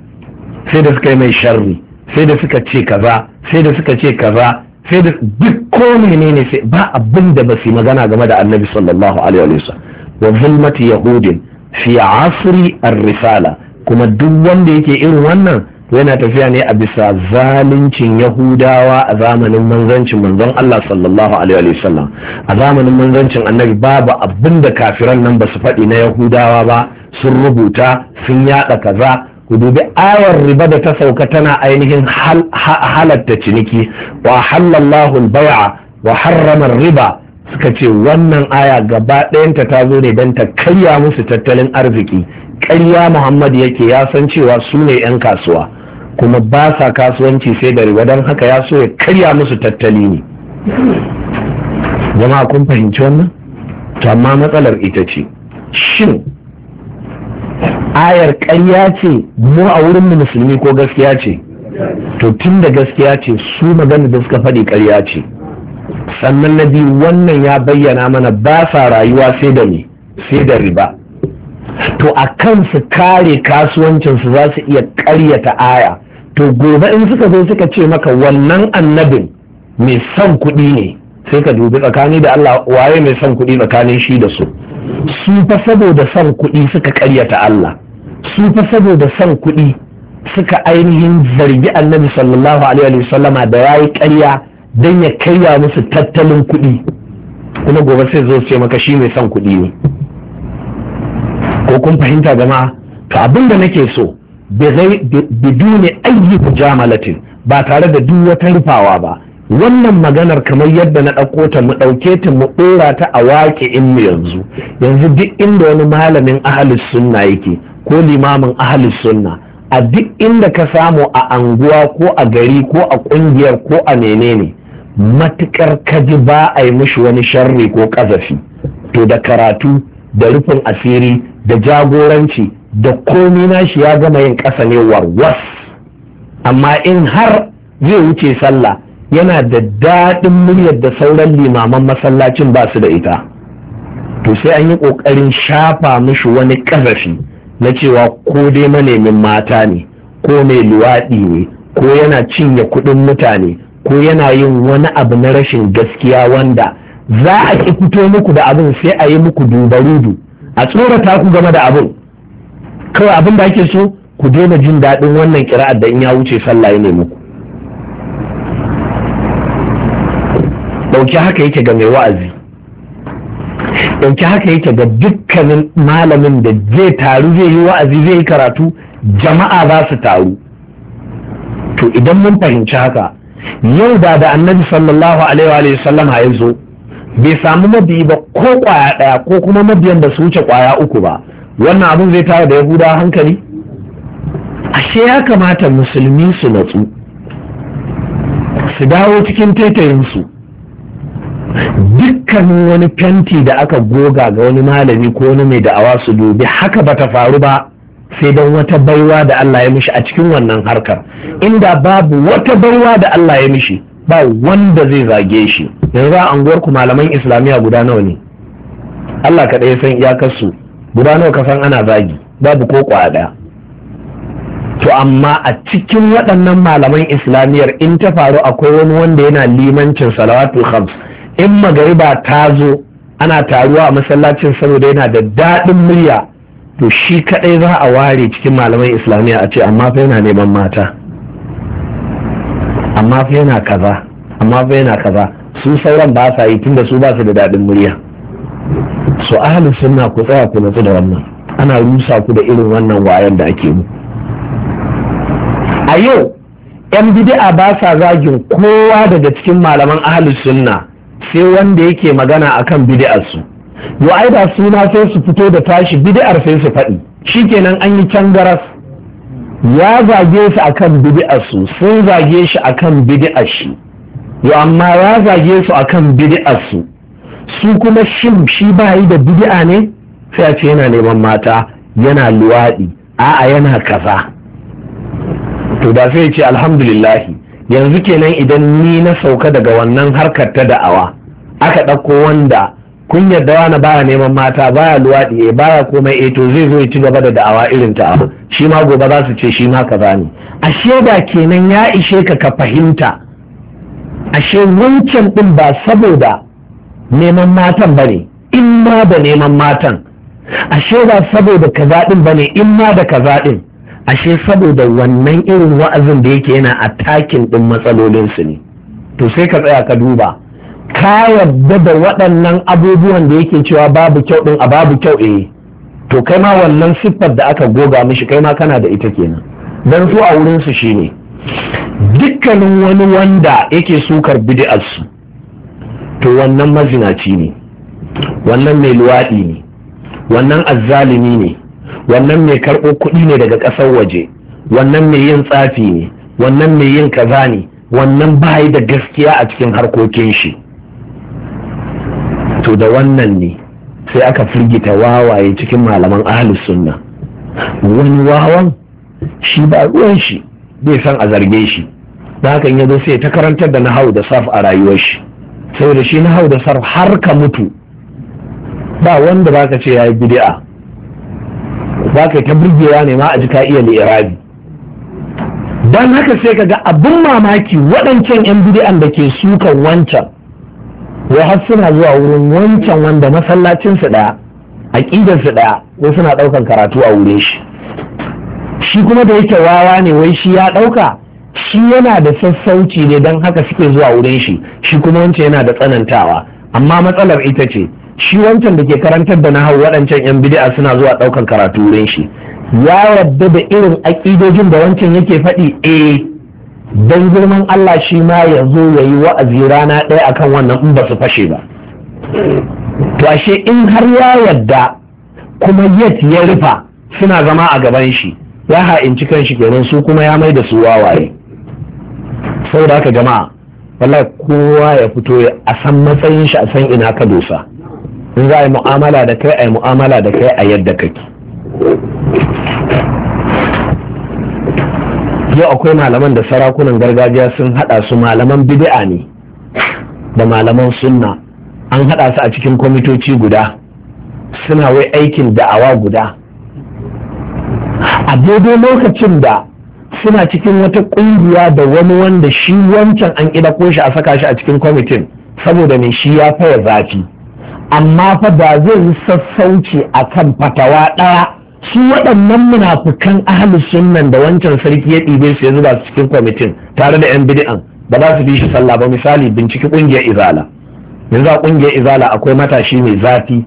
S1: sai da suka yi mai sharri sai da suka ce kaza sai da suka ce kaza sai da duk ko ne sai ba abin da ba su magana game da annabi sallallahu alaihi wa sallam wa zulmati yahudin fi asri ar-risala kuma duk wanda yake irin wannan yana tafiya ne a bisa zaluncin yahudawa a zamanin manzancin manzon Allah sallallahu alaihi sallam. a zamanin manzancin annabi babu abin da kafiran nan ba su faɗi na yahudawa ba sun rubuta sun yaɗa kaza ku dubi ayar riba da ta sauka tana ainihin halatta ciniki wa halallahu al-bai'a wa harrama riba suka ce wannan aya gaba ɗayanta ta zo ne don ta karya musu tattalin arziki karya muhammad yake ya san cewa su ne 'yan kasuwa kuma ba sa kasuwanci sai da riba don haka ya so ya karya musu tattali ne jama'a kun fahimci wannan to amma matsalar ita ce shin ayar karya ce mu a wurin musulmi ko gaskiya ce to tun da gaskiya ce su magana da suka faɗi karya ce sannan na biyu wannan ya bayyana mana ba sa rayuwa sai da ne sai da riba to a kansu kare kasuwancinsu za su iya karyata aya to gobe in suka zo suka ce maka wannan annabin mai son kuɗi ne sai ka dubi tsakani da Allah waye mai son kuɗi tsakanin shi da su su fa saboda son kuɗi suka karyata Allah su fa saboda son kuɗi suka ainihin zargi annabi sallallahu alaihi wasallama da yayi ƙarya don ya karya musu tattalin kuɗi kuma gobe sai zo ce maka shi mai son kuɗi ne ko kun fahimta gama, to abin da nake so biduni ayyi jamalatin ba tare da duk wata rufawa ba wannan maganar kamar yadda na ɗauko ta mu ɗauke ta mu ɗora ta a waƙe in mu yanzu yanzu duk inda wani malamin ahalis sunna yake ko limamin ahalis sunna a duk inda ka samu a anguwa ko a gari ko a ƙungiyar ko a menene matukar kaji ba a yi mishi wani sharri ko ƙazafi, to da karatu da rufin asiri da jagoranci da komi nashi ya gama yin ƙasa ne warwas amma in har zai wuce sallah yana da daɗin muryar da sauran limaman masallacin ba su da ita to sai an yi ƙoƙarin shafa mishi wani ƙazafi na cewa ko dai manemin mata ne ko mai luwaɗi ne ko yana cinye kuɗin mutane ko yana yin wani abu na rashin gaskiya wanda za a ki fito muku da abin sai a yi muku dubarudu a tsorata ku game da abin kawai abin da ake so ku daina jin daɗin wannan kira'ar da in ya wuce sallah ne muku ɗauki haka yake ga mai wa'azi ɗauki haka yake ga dukkanin malamin da zai taru zai yi wa'azi zai yi karatu jama'a za su taru to idan mun fahimci haka yau da da annabi sallallahu alaihi wa sallam ya zo bai samu mabiyi ba ko kwaya daya ko kuma mabiyan da su wuce kwaya uku ba wannan abin zai tara da yahuda hankali ashe ya kamata musulmi su natsu su dawo cikin taitayinsu dukkanin wani fenti da aka goga ga wani malami ko wani mai da'awa su dubi haka bata faru ba sai don wata baiwa da Allah ya mishi a cikin wannan harkar inda babu wata baiwa da Allah ya mishi ba wanda zai zage shi yanzu a anguwar ku malaman islamiyya guda nawa ne Allah ka ɗaya san iyakar kasu guda nawa ka san ana zagi babu ko kwada to amma a cikin waɗannan malaman islamiyyar in ta faru akwai wani wanda yana limancin salawatul khams in magariba ta zo ana taruwa a masallacin saboda yana da daɗin murya to shi kadai za a ware cikin malaman islamiyya a ce amma fa yana neman mata amma fa yana kaza amma fa yana kaza su sauran ba sa yi tunda su ba su da daɗin murya su ahalin sunna ku tsaya ku natsu da wannan ana rusa ku da irin wannan wayan da ake mu a yau yan bid'a ba sa zagin kowa daga cikin malaman ahalin sunna sai wanda yake magana akan bid'ar su yo ai da suna sai su fito da tashi bid'ar sai su faɗi shikenan an yi can ya zage su akan bid'ar su sun zage shi akan bid'ar shi yo amma ya zage su akan bid'ar su su kuma shin shi ba yi da bid'a ne sai a ce yana neman mata yana luwaɗi a'a yana kaza to da sai ce alhamdulillahi yanzu kenan idan ni na sauka daga wannan harkar ta da'awa aka ɗauko wanda kun yarda wani baya neman mata baya luwaɗi eh, baya komai eh to zai zo ya ci gaba da da'awa irin ta abu shi ma gobe za su ce shi ma kaza ne ashe da kenan ya ishe ka ka fahimta ashe wancan ɗin ba saboda neman matan bane in ma da neman matan ashe ba saboda kaza din bane in ma da kaza din ashe saboda wannan irin wa'azin da yake yana a attacking din matsalolinsu ne to sai ka tsaya ka duba ka yarda da waɗannan abubuwan da yake cewa babu kyau ɗin a babu kyau e? to kai ma wannan siffar da aka goga mishi kai ma kana da ita kenan dan su a wurin su shine dukkanin wani wanda yake sukar bid'ar su to wannan mazinaci ne wannan mai luwaɗi ne wannan azzalimi ne wannan mai karɓo kuɗi ne daga ƙasar waje wannan mai yin tsafi ne wannan mai yin kaza ne wannan bayi da gaskiya a cikin harkokin shi to da wannan ne sai aka firgita wawaye cikin malaman ahlus sunna wani wawan shi ba ruwan shi bai san a zarge shi da hakan ya zo sai ta karantar da nahau da saf a rayuwar shi Sai da shi nahau da saf har ka mutu ba wanda baka ce ya yayi bid'a baka ta burgewa ne ma a ji ka iya li'irabi dan haka sai ka ga abin mamaki waɗancan yan bid'an da ke sukan wancan wai har suna zuwa wurin wancan wanda masallacinsu ɗaya aƙidarsu ɗaya wai suna ɗaukan karatu a wurin shi shi kuma da yake wawa ne wai shi ya ɗauka shi yana da sassauci ne don haka suke zuwa wurin shi shi kuma wancan yana da tsanantawa amma matsalar ita ce shi wancan da ke karantar da nahawu waɗancan yan bid'a suna zuwa ɗaukan karatu wurin shi ya yarda da irin aƙidojin da wancan yake faɗi eh Dan girman Allah shi ma ya zo ya yi wa'azi rana ɗaya akan wannan in ba su fashe ba to ashe in har ya yadda kuma yet ya rufa suna zama a gaban shi ya ha'inci kan shi kenan su kuma ya mai da su wawaye da haka jama'a wallahi kowa ya fito a san matsayin shi a san ina ka dosa in za a yi mu'amala da kai a yi mu'amala da kai a yadda kake yau akwai malaman da sarakunan gargajiya sun hada su malaman bid'a ne da malaman sunna an hada su a cikin kwamitoci guda suna wai aikin da'awa guda a daidai lokacin da suna cikin wata kungiya da wani wanda shi wancan an kida shi a saka shi a cikin kwamitin saboda mai shi ya faya zafi amma fa ba zai yi sassauci a kan fatawa ɗaya shi waɗannan munafukan ahlus sunnan da wancan sarki ya ɗibe su ya zuba su cikin kwamitin tare da yan bid'an ba za su bi shi sallah ba misali binciki ƙungiyar izala yanzu a ƙungiyar izala akwai matashi mai zafi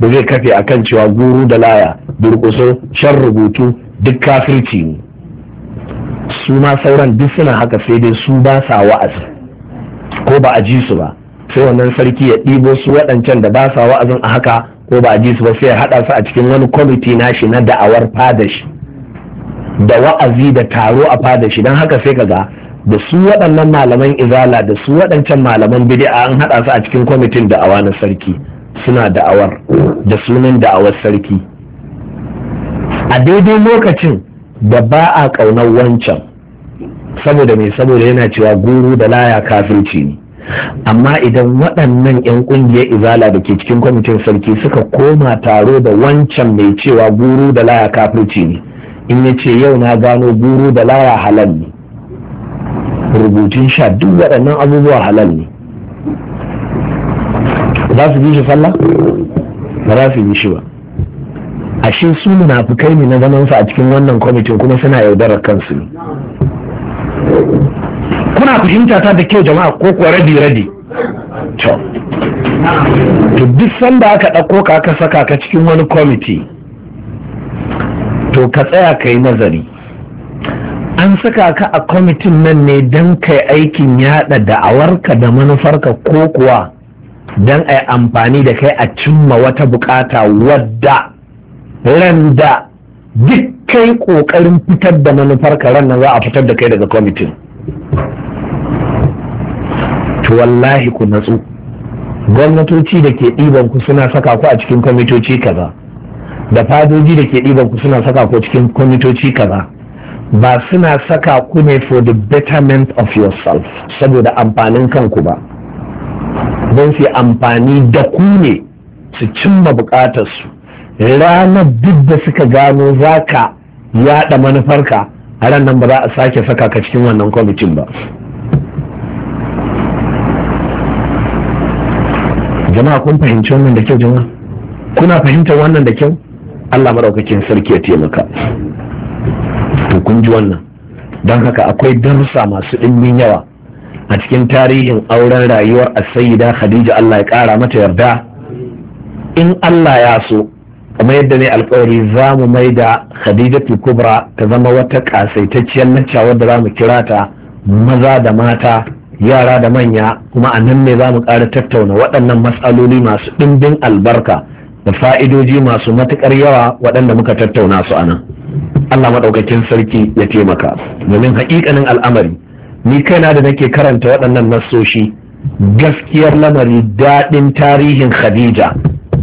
S1: da zai kafe akan cewa guru da laya durƙuso shan rubutu duk kafirci ne su ma sauran duk suna haka sai dai su ba sa wa'azi ko ba a ji su ba sai wannan sarki ya ɗibo su waɗancan da ba sa wa'azin a haka ko ba a ji su ba sai ya haɗa su a cikin wani kwamiti na shi na da'awar fadashi da wa'azi da taro a fadashi shi don haka sai ka ga da su waɗannan malaman izala da su waɗancan malaman a an haɗa su a cikin kwamitin da'awa na sarki suna da'awar da sunan da'awar sarki a daidai lokacin da ba a ƙaunar wancan saboda mai saboda yana cewa guru da laya kafirci ne amma idan waɗannan 'yan ƙungiyar izala da ke cikin kwamitin sarki suka koma taro da wancan mai cewa guru da laya kafirci ne in ya ce yau na gano guru da laya halal ne rubutun sha duk waɗannan abubuwa halal ne za su bi shi sallah ba za su bi shi ba ashe su munafukai ne na zamansa a cikin wannan kwamitin kuma suna yaudarar kansu ne kuna fahimta ta da kyau jama'a ko kuwa rabi rabi to duk sanda aka ɗauko ka aka saka ka cikin wani kwamiti to ka tsaya ka yi nazari an saka ka a kwamitin nan ne don kai aikin yada da'awarka da manufarka ko kuwa don a yi amfani da kai a cimma wata bukata wadda ran da duk kai kokarin fitar da manufarka ran nan za a fitar da kai daga kwamitin to wallahi ku natsu gwamnatoci da ke ɗiban ku suna saka ku a cikin kwamitoci kaza da fadoji da ke ɗiban ku suna saka ku cikin kwamitoci kaza ba suna saka ku ne for the betterment of yourself saboda amfanin kanku ba don su amfani da ku ne su cimma bukatarsu ranar duk da suka gano za ka yaɗa manufarka a ran nan ba za a sake saka ka cikin wannan kwamitin ba jama'a kun fahimci wannan da kyau jama'a kuna fahimtar wannan da kyau Allah maraukakin sarki ya taimaka to kun ji wannan don haka akwai darussa masu ɗimbin yawa a cikin tarihin auren rayuwar asayida khadija Allah ya ƙara mata yarda in Allah ya so kamar yadda ne alkawari za mu mai da khadijatu kubra ta zama wata ƙasaitacciyar lacca wadda za mu kira ta maza da mata yara da manya kuma a nan ne za mu ƙara tattauna waɗannan matsaloli masu ɗimbin albarka da fa'idoji masu matuƙar yawa waɗanda muka tattauna su a nan allah maɗaukakin sarki ya taimaka domin haƙiƙanin al'amari ni kaina da nake karanta waɗannan nassoshi gaskiyar lamari daɗin tarihin khadija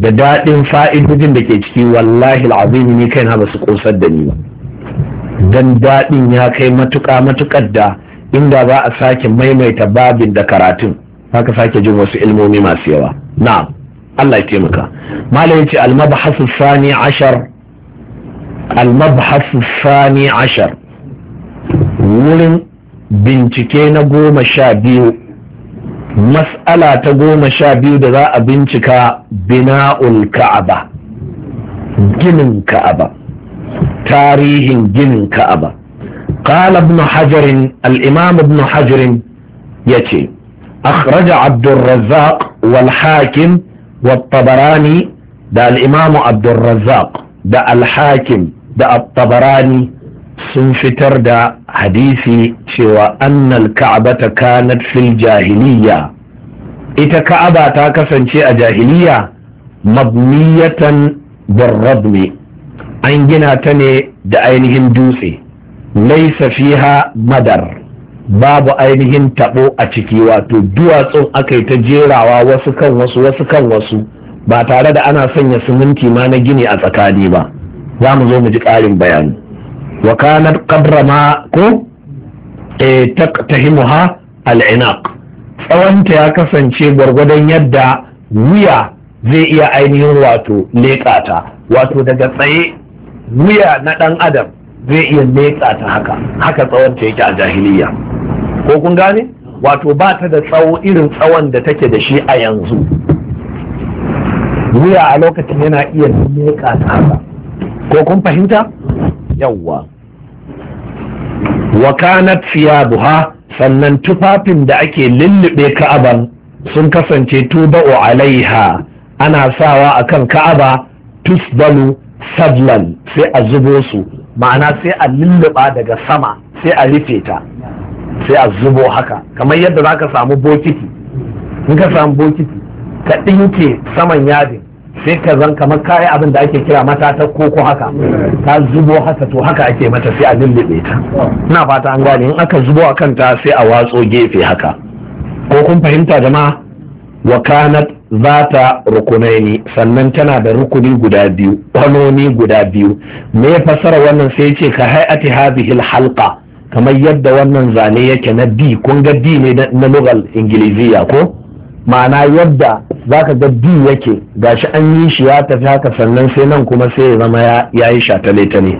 S1: da daɗin fa'idojin da ke ciki wallahi al'azim ni kaina ba su ƙosar da ni ba dan daɗin ya kai matuƙa matuƙar da inda za a sake maimaita babin da karatun haka sake jin wasu ilmomi masu yawa na'am Allah ya taimaka malam yace al-mabhas sani ashar al sani ashar wurin bincike na goma sha biyu mas'ala ta goma sha biyu da za a bincika bina'ul ka'aba ginin ka'aba tarihin ginin ka'aba قال ابن حجر الإمام ابن حجر يتي أخرج عبد الرزاق والحاكم والطبراني دا الإمام عبد الرزاق دا الحاكم دا الطبراني سنفتر دا حديثي شوى أن الكعبة كانت في الجاهلية إذا كعبة تاكسن شيء جاهلية مبنية بالرضم أنجنا تني دا أينهم دوسي laisa fiha madar babu ainihin tabo a ciki wato duwatsun aka yi ta jerawa wasu kan wasu wasu kan wasu ba tare da ana sanya siminti ma na gini a tsakani ba za mu zo mu ji ƙarin bayani wa kanar ma ko eh, tahimuha al'inaq tsawonta ya kasance gwargwadon yadda wuya zai iya ainihin wato leƙata wato daga tsaye wuya na ɗan adam zai iya leƙa ta haka haka tsawon ta yake a jahiliya ko kun gane wato ba ta da tsawo irin tsawon da take da shi a yanzu wuya a lokacin yana iya leƙa ta haka ko kun fahimta yawwa wa kanat buha sannan tufafin da ake lullube ka'aban sun kasance tuba'u alaiha ana sawa akan ka'aba tusbalu sablan sai a zubo su ma'ana sai a lulluɓa daga sama sai a rufe ta sai a zubo haka kamar yadda za ka samu bokiti in ka samu bokiti ka ɗinke saman yadin sai ka zan kamar kayi abin da ake kira matata koko haka ta zubo haka to haka ake mata sai a lulluɓe ta ina fata an gane in aka zubo a kanta sai a watso gefe haka ko kun fahimta jama'a wa kanat rukunai rukunaini sannan tana da rukuni guda biyu kwanoni guda biyu me fasara wannan sai ce ka hay'ati hadhihi halqa kamar yadda wannan zane yake na bi kun ga bi ne na lugal ingiliziya ko ma'ana yadda zaka ga bi yake gashi an yi shi ya tafi haka sannan sai nan kuma sai ya zama ya yi shatale ta ne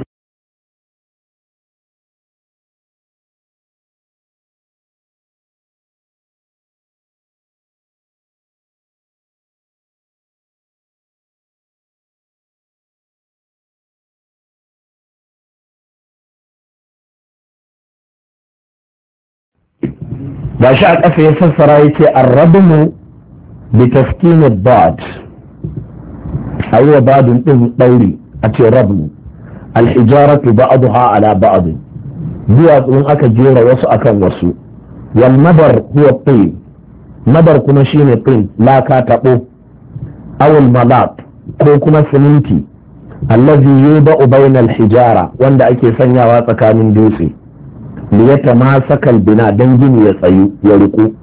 S1: ba shi a ƙasa ya sassara ya ce mu bi taskini bad a yi wa badin ɗin ɗauri a ce rabnu alhijaratu ha ala ba'adin in aka jera wasu akan wasu wal madar huwa ɗin madar kuma shine ɗin laka taɓo awul malab ko kuma siminti allazi yuba'u bainal hijara wanda ake sanyawa tsakanin dutse liyata ma sakal bina don gini ya tsayu ya riku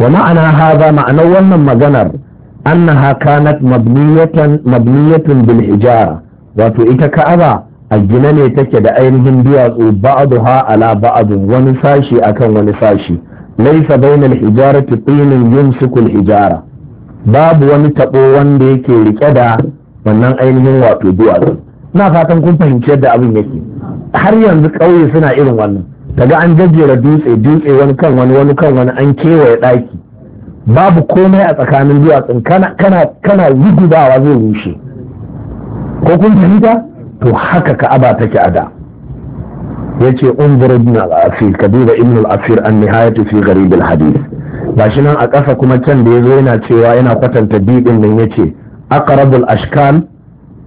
S1: wa ma'ana haza ma'anar wannan maganar annaha kanat mabniyatan mabniyatun bil hijara wato ita ka'aba a gina ne take da ainihin duwatsu ba'daha ala ba'd wani sashi akan wani sashi laysa bainal hijarati tinun yumsikul hijara babu wani tabo wanda yake rike da wannan ainihin wato duwatsu na fatan kun fahimci yadda abin yake har yanzu ƙauye suna irin wannan daga an jajjera dutse dutse wani kan wani wani kan wani an kewaye ɗaki babu komai a tsakanin duwatsun kana kana kana zai rushe ko kun fahimta to haka ka'aba take a da yace unzur ibn al-afir ka duba ibn al-afir an nihayatu fi gharib al-hadith gashi nan a ƙasa kuma can da yazo yana cewa yana kwatanta bidin nan yace aqrabul ashkal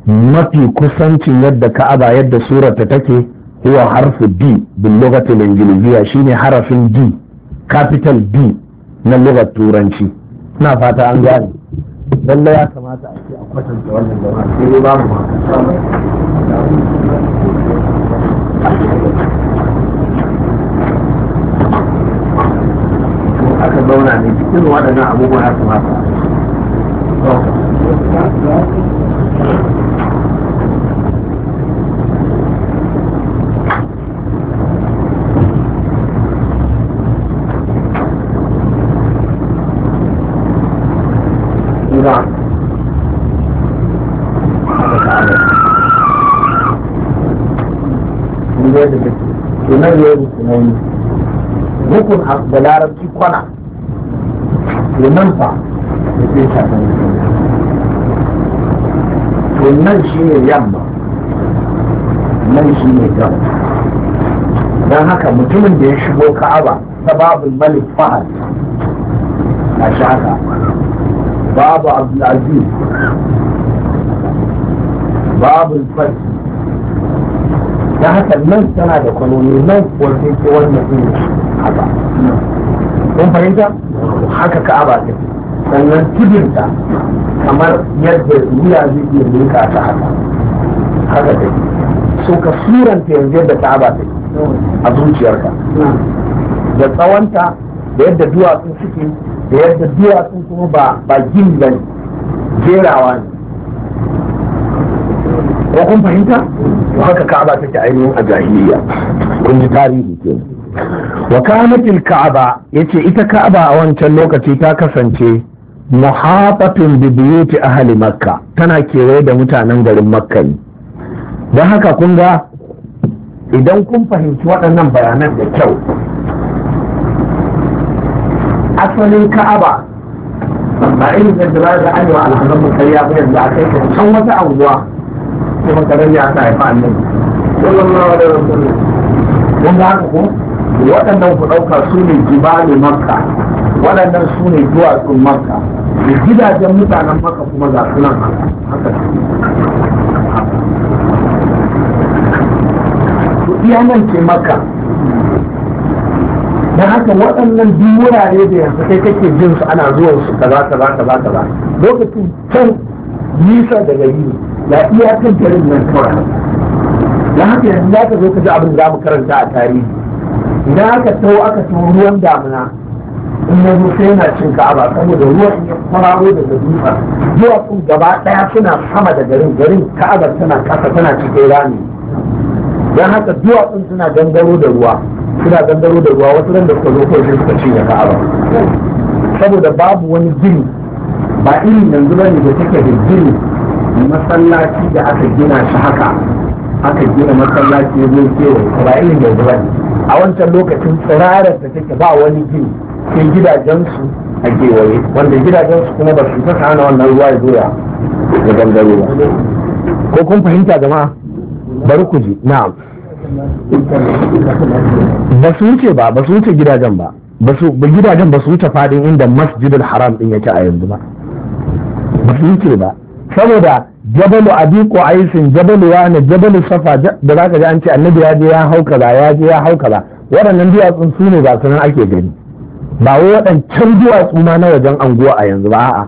S1: mafi kusancin yadda ka'aba yadda surarta take huwa harfu d bin lokacin ingiliziya shine harafin d capital d na lugar turanci na fata an gane lalle ya kamata a ce a kwatanta wannan jama'a sai dai babu aka zauna ne cikin waɗannan abubuwa ya kamata annabi musulmai rukun da larabci kwana to nan fa da sai shafa to nan shi ne yamma nan shi ne gaba don haka mutumin da ya shigo ka'aba ta babu malik fahad a shi haka babu abdulaziz babu fatih da haka nan tana da kwanoni nan wanda ke wannan ne haka kun fahimta haka ka'aba ta sannan tudinta kamar yadda wuya zai iya miƙa ta haka haka ta so ka suranta yanzu yadda ka'aba ta a zuciyarka da tsawonta da yadda duwatsun suke da yadda duwatsun kuma ba gindan jerawa ne ko kun fahimta to haka ka'aba take ainihin a jahiliya kun ji tarihi ke wa kanatil ka'aba yace ita ka'aba a wancan lokaci ta kasance muhafafin bi biyuti ahli makka tana kewaye da mutanen garin makka ne don haka kun ga idan kun fahimci waɗannan bayanan da kyau asalin ka'aba ba irin da da arewa alhazan mu karya bayan yanzu a kai can wata anguwa kuma karen ya sa ya fa annabi sallallahu alaihi wasallam kun ga haka ko waɗannan ku ɗauka su ne jibalu makka waɗannan su ne duwatsun makka da gidajen mutanen makka kuma za su nan haka iya nan ke makka don haka waɗannan biyu wurare da yanzu kai kake jin su ana zuwan su kaza kaza kaza kaza lokacin can nisa daga yi ne ya iya kan garin nan kawai da haka yanzu za ka zo ka ji abin da mu karanta a tarihi idan aka tau aka tau ruwan damuna in na zo sai yana cin ka'aba saboda ruwan in ya kwararo daga zuwa sun gaba ɗaya suna sama da garin garin ka'abar tana kasa tana cikin rami don haka duwatsun suna gangaro da ruwa suna gangaro da ruwa wasu ran da suka zo kawai sai suka cinye ka'aba saboda babu wani gini ba irin yanzu bane da take da gini masallaci da aka gina shi haka aka gina masallaci ya zai kewaye ba irin yanzu ba a wancan lokacin tsirarar da take ba wani gini sai gidajensu a kewaye wanda gidajensu kuma ba su ta hana wannan ruwa ya zo ya gangaro ba ko kun fahimta jama'a bari ku ji na'am ba su wuce ba ba su wuce gidajen ba ba su gidajen ba su wuce fadin inda masjidul haram din yake a yanzu ba ba su wuce ba saboda jabalu yi sun, jabalu ne jabalu safa da za ka ji an ce annabi ya je ya hau kaza ya je ya hau kaza waɗannan duwatsun su ne ba su nan ake gani ba wai waɗancan duwatsu ma na wajen anguwa a yanzu ba a'a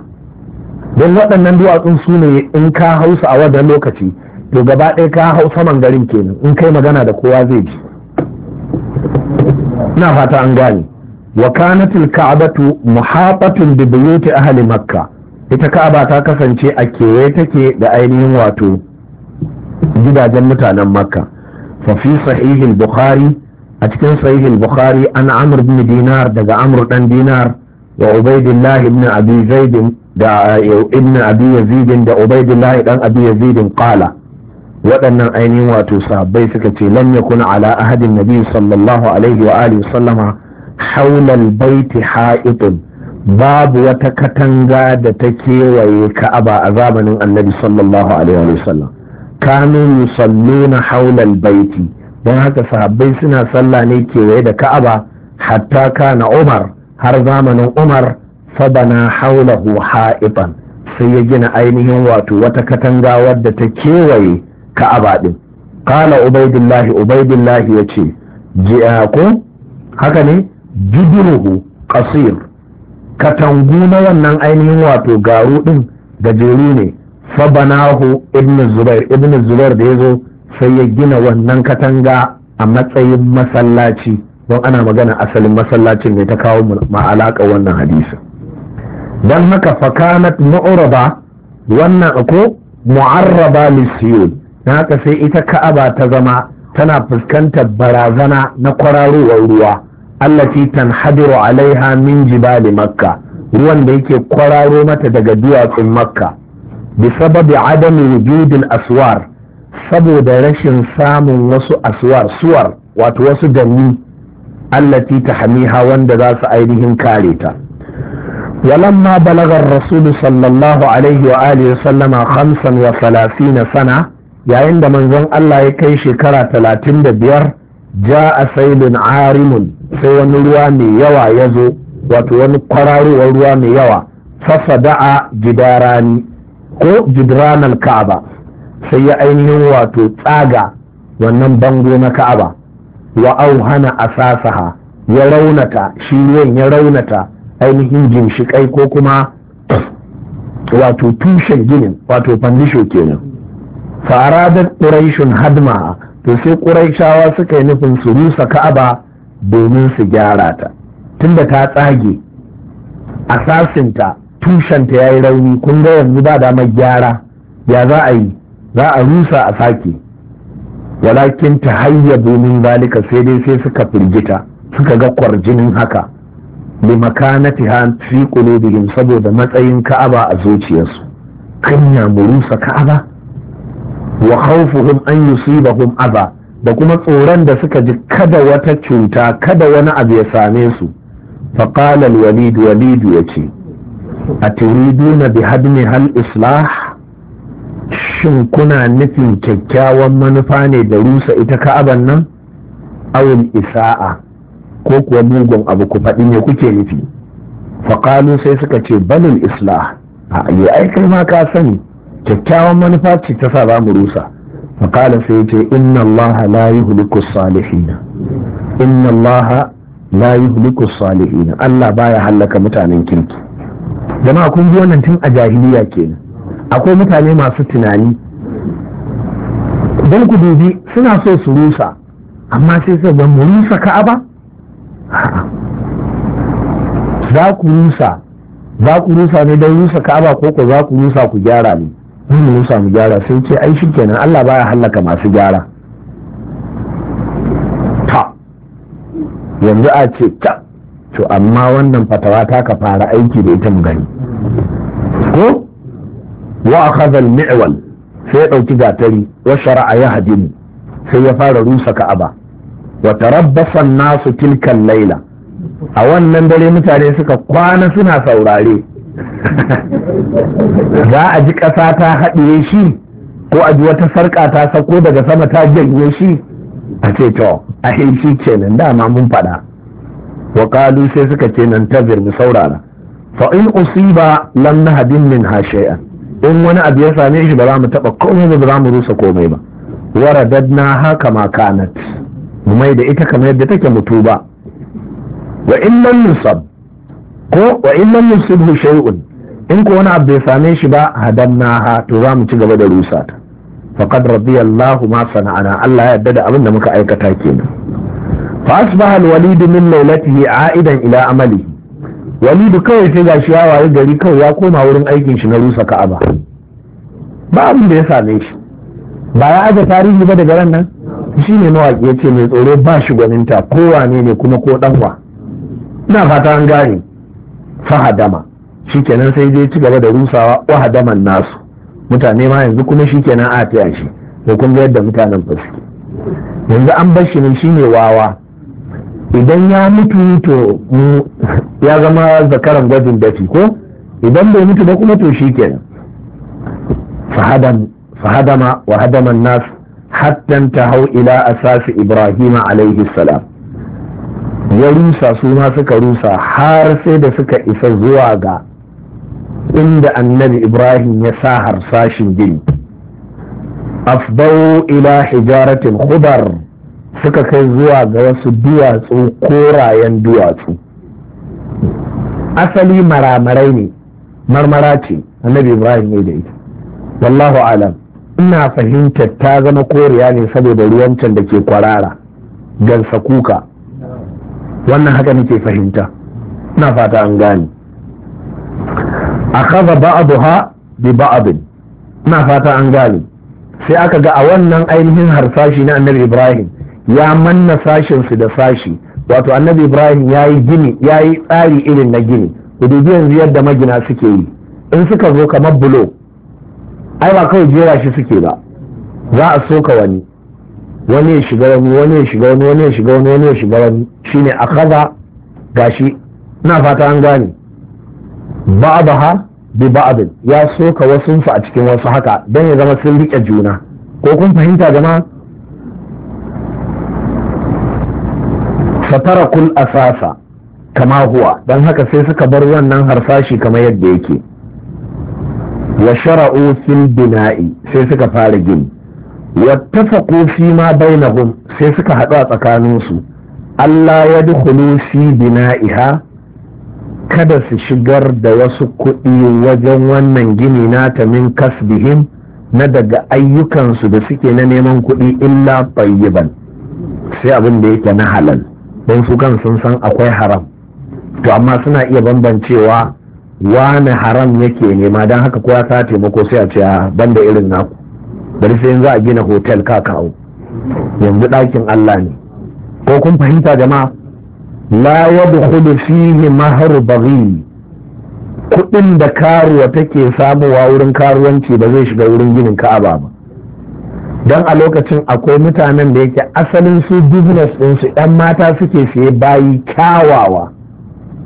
S1: don waɗannan duwatsun su ne in ka hausa a wajen lokaci to gaba ɗaya ka hau saman garin kenan in kai magana da kowa zai ji Ina fata an gane wa kanatil ka'batu muhaqatun bi buyuti ahli makka ita ka'aba ta kasance a kewaye take da ainihin wato gidajen mutanen makka fafi sahihin bukhari a cikin sahihin bukhari an amr bin dinar daga amur dan dinar wa ubaidillah ibn abi zaid da ibn abi yazid da ubaidillah dan abi yazid qala waɗannan ainihin wato sahabbai suka ce lam yakun ala ahadin nabi sallallahu alaihi wa alihi sallama baiti ha'itun babu wata katanga da ta kewaye ka'aba a zamanin annabi sallallahu alaihi wasallam kanu yusalluna baiti don haka sahabbai suna sallah ne kewaye da ka'aba hatta kana umar har zamanin umar fabana haulahu ha'iban sai ya gina ainihin wato wata katanga wadda ta kewaye ka'aba din kala ubaidillahi ubaidillahi ya ce ko haka ne jidiruhu qasir katangu na wannan ainihin wato garu din gajeru ne fabanahu ibn zubair ibn zubair da ya zo sai ya gina wannan katanga a matsayin masallaci don ana magana asalin masallacin ne ta kawo ma'alaka wannan hadisi don haka fakanat mu'raba wannan ko mu'arraba lisiyul na haka sai ita ka'aba ta zama tana fuskantar barazana na kwararowar ruwa allati tanhadiru alaiha min jibali makka ruwan da yake kwararo mata daga duwatsun makka bi sababi adami wujudil aswar saboda rashin samun wasu aswar suwar wato wasu danni allati tahmiha wanda za su ainihin kare ta ولما بلغ الرسول صلى الله عليه وآله وسلم خمسا وثلاثين سنة يا عند من shekara الله da biyar. ثلاثين بير ja a sailin harimun sai wani ruwa mai yawa ya zo wato wani kwararowar ruwa mai yawa a jidarani ko jidranal ka'aba sai ya ainihin wato tsaga wannan bango na ka'aba wa auhana asasaha ya raunata shi ruwan ya raunata ainihin ginshiƙai ko kuma wato tushen ginin wato fandisho kenan faradat quraishun hadma to sai quraishawa suka yi nufin su rusa ka'aba domin su gyara ta tunda ta tsage asasinta tushenta ya yi rauni kun ga yanzu ba damar gyara ya za a yi za a rusa a sake walakin ta hayya domin zalika sai dai sai suka firgita suka ga kwarjinin haka bi makanatiha fi saboda matsayin ka'aba a zuciyarsu kanya mu rusa ka'aba wa khawfuhum an yusibahum aza da kuma tsoron da suka ji kada wata cuta kada wani abu ya same su faqala al-walid walid yace aturiduna bi hadmi hal islah shin kuna nufin kyakkyawan manufa ne da rusa ita ka'aban nan awil isa'a ko kuwa mugun abu ku faɗi ne kuke nufi faƙalu sai suka ce balil islah a yi ai ma ka sani kyakkyawan manufa ce ta sa za mu rusa faƙala sai ce inna allaha la yuhliku salihina inna allaha la yuhliku salihina Allah baya hallaka mutanen kirki jama'a kun ji wannan tun a jahiliya kenan akwai mutane masu tunani don ku dubi suna so su rusa amma sai sai ban mu rusa ba za ku rusa za ku rusa ne don rusa ba ko ku za ku rusa ku gyara ne mun mun samu gyara sai ce ai kenan Allah baya hallaka masu gyara ta yanzu a ce ta to amma wannan fatawa ta ka fara aiki da ita mu gani ko wa akhadha al-mi'wal sai ya dauki gatari wa shar'a ya hajini sai ya fara rusa ka'aba wa tarabbasa nasu tilkan Layla a wannan dare mutane suka kwana suna saurare za a ji ƙasa ta haɗiye shi ko a ji wata sarƙa ta sauko daga sama ta janye shi a ce to a shi kenan dama mun faɗa wa sai suka ce nan ta mu saurara fa in usiba lam nahdin min shay'an in wani abu ya same shi ba za mu taɓa komai ba za mu rusa komai ba waradadna haka ma kanat mu mai da ita kamar yadda take mutu ba wa in lam nusab ko wa in lam yusibhu shay'un in ko wani abu bai same shi ba ha to za mu ci gaba da rusa ta faqad radiyallahu ma sana'ana Allah ya yarda da abin da muka aikata kenan fa asbaha alwalid min lailatihi a'idan ila amali walidu kawai sai gashi ya waye gari kawai ya koma wurin aikin shi na rusa ka'aba ba abin da ya same shi ba ya aje tarihi ba daga ran nan shi ne mawaƙi ya ce mai tsoro ba shi gwaninta ne ne kuma ko ɗanwa ina fata an gane fahadama shikenan sai dai ci gaba da rusawa wahadaman nasu mutane ma yanzu kuma shikenan a taya shi ko kun ga yadda mutanen ba yanzu an bar shi ne shine wawa idan ya mutu to ya zama zakaran gwajin dafi ko idan bai mutu ba kuma to shikenan fahadam fahadama wa hadaman hatta ta hau ila asasi ibrahim alaihi salam ya rusa su ma suka rusa har sai da suka isa zuwa ga inda annabi ibrahim ya sa harsashin gini afdau ila hijaratin hubar suka kai zuwa ga wasu duwatsu korayen duwatsu asali maramarai ne marmara ce annabi ibrahim ne da ita wallahu alam ina fahimtar ta zama koriya ne saboda ruwancan da ke kwarara gansa kuka wannan haka nake fahimta na fata an gane akhadha ba'daha bi ba'd na fata an gane sai aka ga a wannan ainihin harsashi na annabi ibrahim ya manna sashensu da sashi wato annabi ibrahim ya yi gini ya yi tsari irin na gini ku dubi yanzu yadda magina suke yi in suka zo kamar bulo ai ba kawai jera shi suke ba za a soka wani wani ya shiga wani wani ya shiga wani wani ya shiga wani wani ya shiga wani Shi ne a kaza. gashi na fata an gane ha, bi ba'd ya soka wasu su a cikin wasu haka Don ya zama sun riƙe juna ko kun fahimta gama. kul kul asasa kama huwa don haka sai suka bar wannan harsashi kamar yadda yake wa shara'u fil bina'i sai suka fara gini yattafaqu fi ma bainahum sai suka haɗu a tsakaninsu Allah ya dukulu fi bina'iha kada su shigar da wasu kuɗi wajen wannan gini nata min kasbihim na daga ayyukansu da suke na neman kuɗi illa tayyiban sai abin da yake na halal don su kan sun san akwai haram to amma suna iya bambancewa wani haram yake nema don haka kowa ta taimako sai a ce ah, banda irin naku bari sai za a gina hotel ka kawo yanzu ɗakin Allah ne ko kun fahimta jama'a la yadkhulu fihi mahru baghi kudin da karuwa take samuwa wurin karuwanci ba zai shiga wurin ginin Ka'aba ba don a lokacin akwai mutanen da yake asalin su business su 'yan mata suke siye bayi kyawawa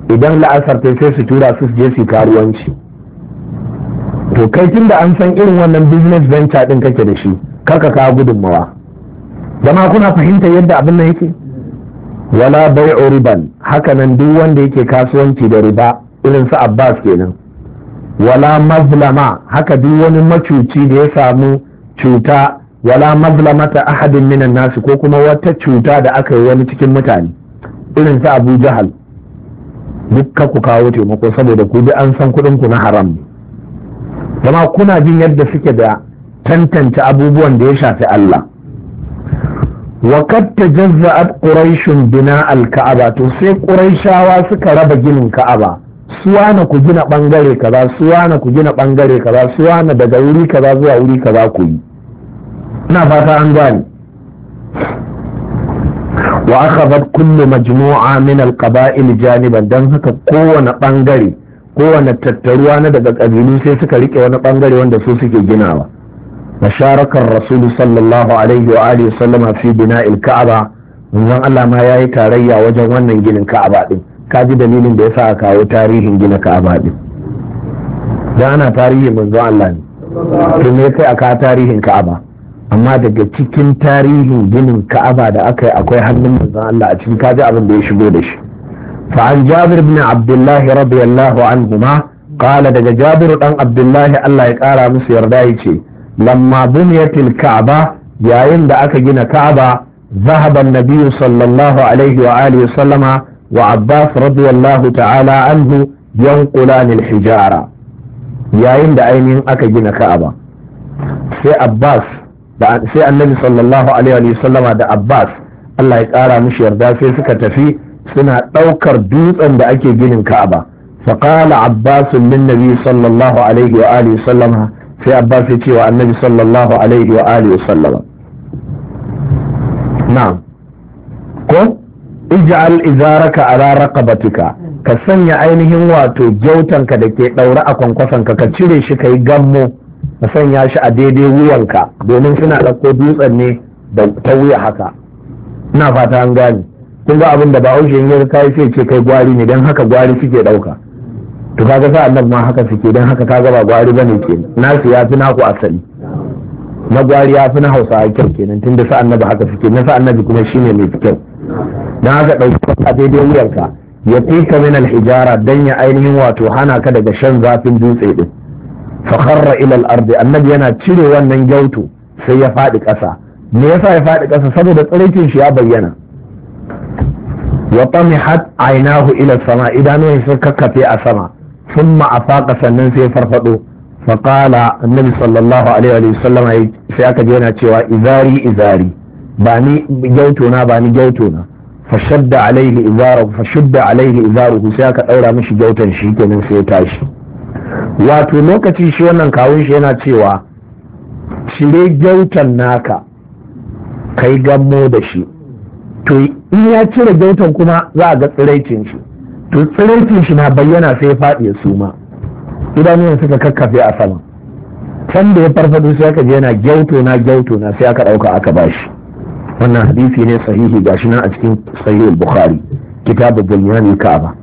S1: idan la'asar ta sai su tura su je su karuwanci to kai tun da an san irin wannan business venture din kake da shi karka ka gudunmawa jama'a kuna fahimtar yadda abin nan yake wala bai'u riban hakanan duk wanda yake kasuwanci da riba irin su abbas kenan wala mazlama haka duk wani macuci da ya samu cuta wala mazlamata ahadin minan nasu ko kuma wata cuta da aka yi wani cikin mutane irin su abu jahal duk ku kawo taimako saboda ku bi an san kuɗin ku na haram ne zama kuna jin yadda suke da tantance abubuwan da ya shafi Allah jazza تجزأت قريش bina alka'aba to sai quraishawa suka raba ginin ka'aba na ku gina bangare kaza na ku gina bangare kaza na daga wuri kaza zuwa wuri kaza ku yi ina fata an gane wa akhadhat kullu majmu'a min al-qaba'il janiban dan haka kowane ɓangare. kowane tattaruwa na daga ƙabilu sai suka riƙe wani ɓangare wanda su suke ginawa masharakar rasulu sallallahu alaihi wa alihi sallama fi bina'il ka'aba manzon Allah ma yayi tarayya wajen wannan ginin ka'aba din ka ji dalilin da yasa a kawo tarihin gina ka'aba din da ana tarihi manzon Allah ne to me kai aka tarihin ka'aba amma daga cikin tarihin ginin ka'aba da aka yi akwai hannun manzon Allah a cikin ji abin da ya shigo da shi فعن جابر بن عبد الله رضي الله عنهما قال دجا جابر بن عبد الله الله يقارى yarda يردايتي لما بنيت الكعبة yayin da aka gina Ka'aba zahaban Nabiyu sallallahu alaihi wa alihi sallama wa Abbas radiyallahu ta'ala anhu yanqulan al yayin da ainihin aka gina Ka'aba sai Abbas sai Annabi sallallahu alaihi wa sallama da Abbas Allah ya kara mishi yarda sai suka tafi suna ɗaukar dutsen da ake ginin ka'aba faƙala abbasun min nabi sallallahu alaihi wa alihi sallama sai abbas ya ce wa annabi sallallahu alaihi wa alihi sallama na'am ko ij'al izaraka ala raqabatika ka sanya ainihin wato gyautanka da ke ɗaure a kwankwasanka ka cire shi ka yi gammo ka sanya shi a daidai wuyanka domin suna ɗauko dutsen ne da ta wuya haka ina fata an gane kun ga abin da ba aushe in yaga kai sai ce kai gwari ne dan haka gwari suke dauka to kaga sa annab ma haka suke dan haka kaga ba gwari bane ke na nasu ya fi naku asali na gwari ya fi na hausawa kyau kenan tunda sa annabi haka suke na sa annabi kuma shine mai kyau dan haka dauki a daidai wuyarka ya fika min alhijara dan ya ainihin wato hana ka daga shan zafin dutse din fa kharra ila al-ardi annabi yana cire wannan gyautu sai ya fadi kasa me yasa ya fadi kasa saboda tsirikin shi ya bayyana har tamihat ainahu ila sama idanuwan sun kakkafe a sama thumma afaqa sannan sai farfaɗo? fa qala annabi sallallahu alaihi wa sallam sai aka ji yana cewa izari izari ba ni gyauto na ba ni gyauto fa shadda alaihi izaru fa shadda alaihi izaru sai aka daura mishi gyautan shi kenan sai tashi wato lokaci shi wannan kawun shi yana cewa cire gyautan naka kai gammo da shi to in ya cire gyautan kuma za a ga tsiraicin shi to tsiraicin shi na bayyana sai ya faɗi ya suma idanuwan suka kakkafe a sama can da ya farfado sai aka je yana gyauto na gyauto na sai aka ɗauka aka bashi wannan hadisi ne sahihi gashi nan a cikin sahihul bukhari kitabu bunyanil ka'aba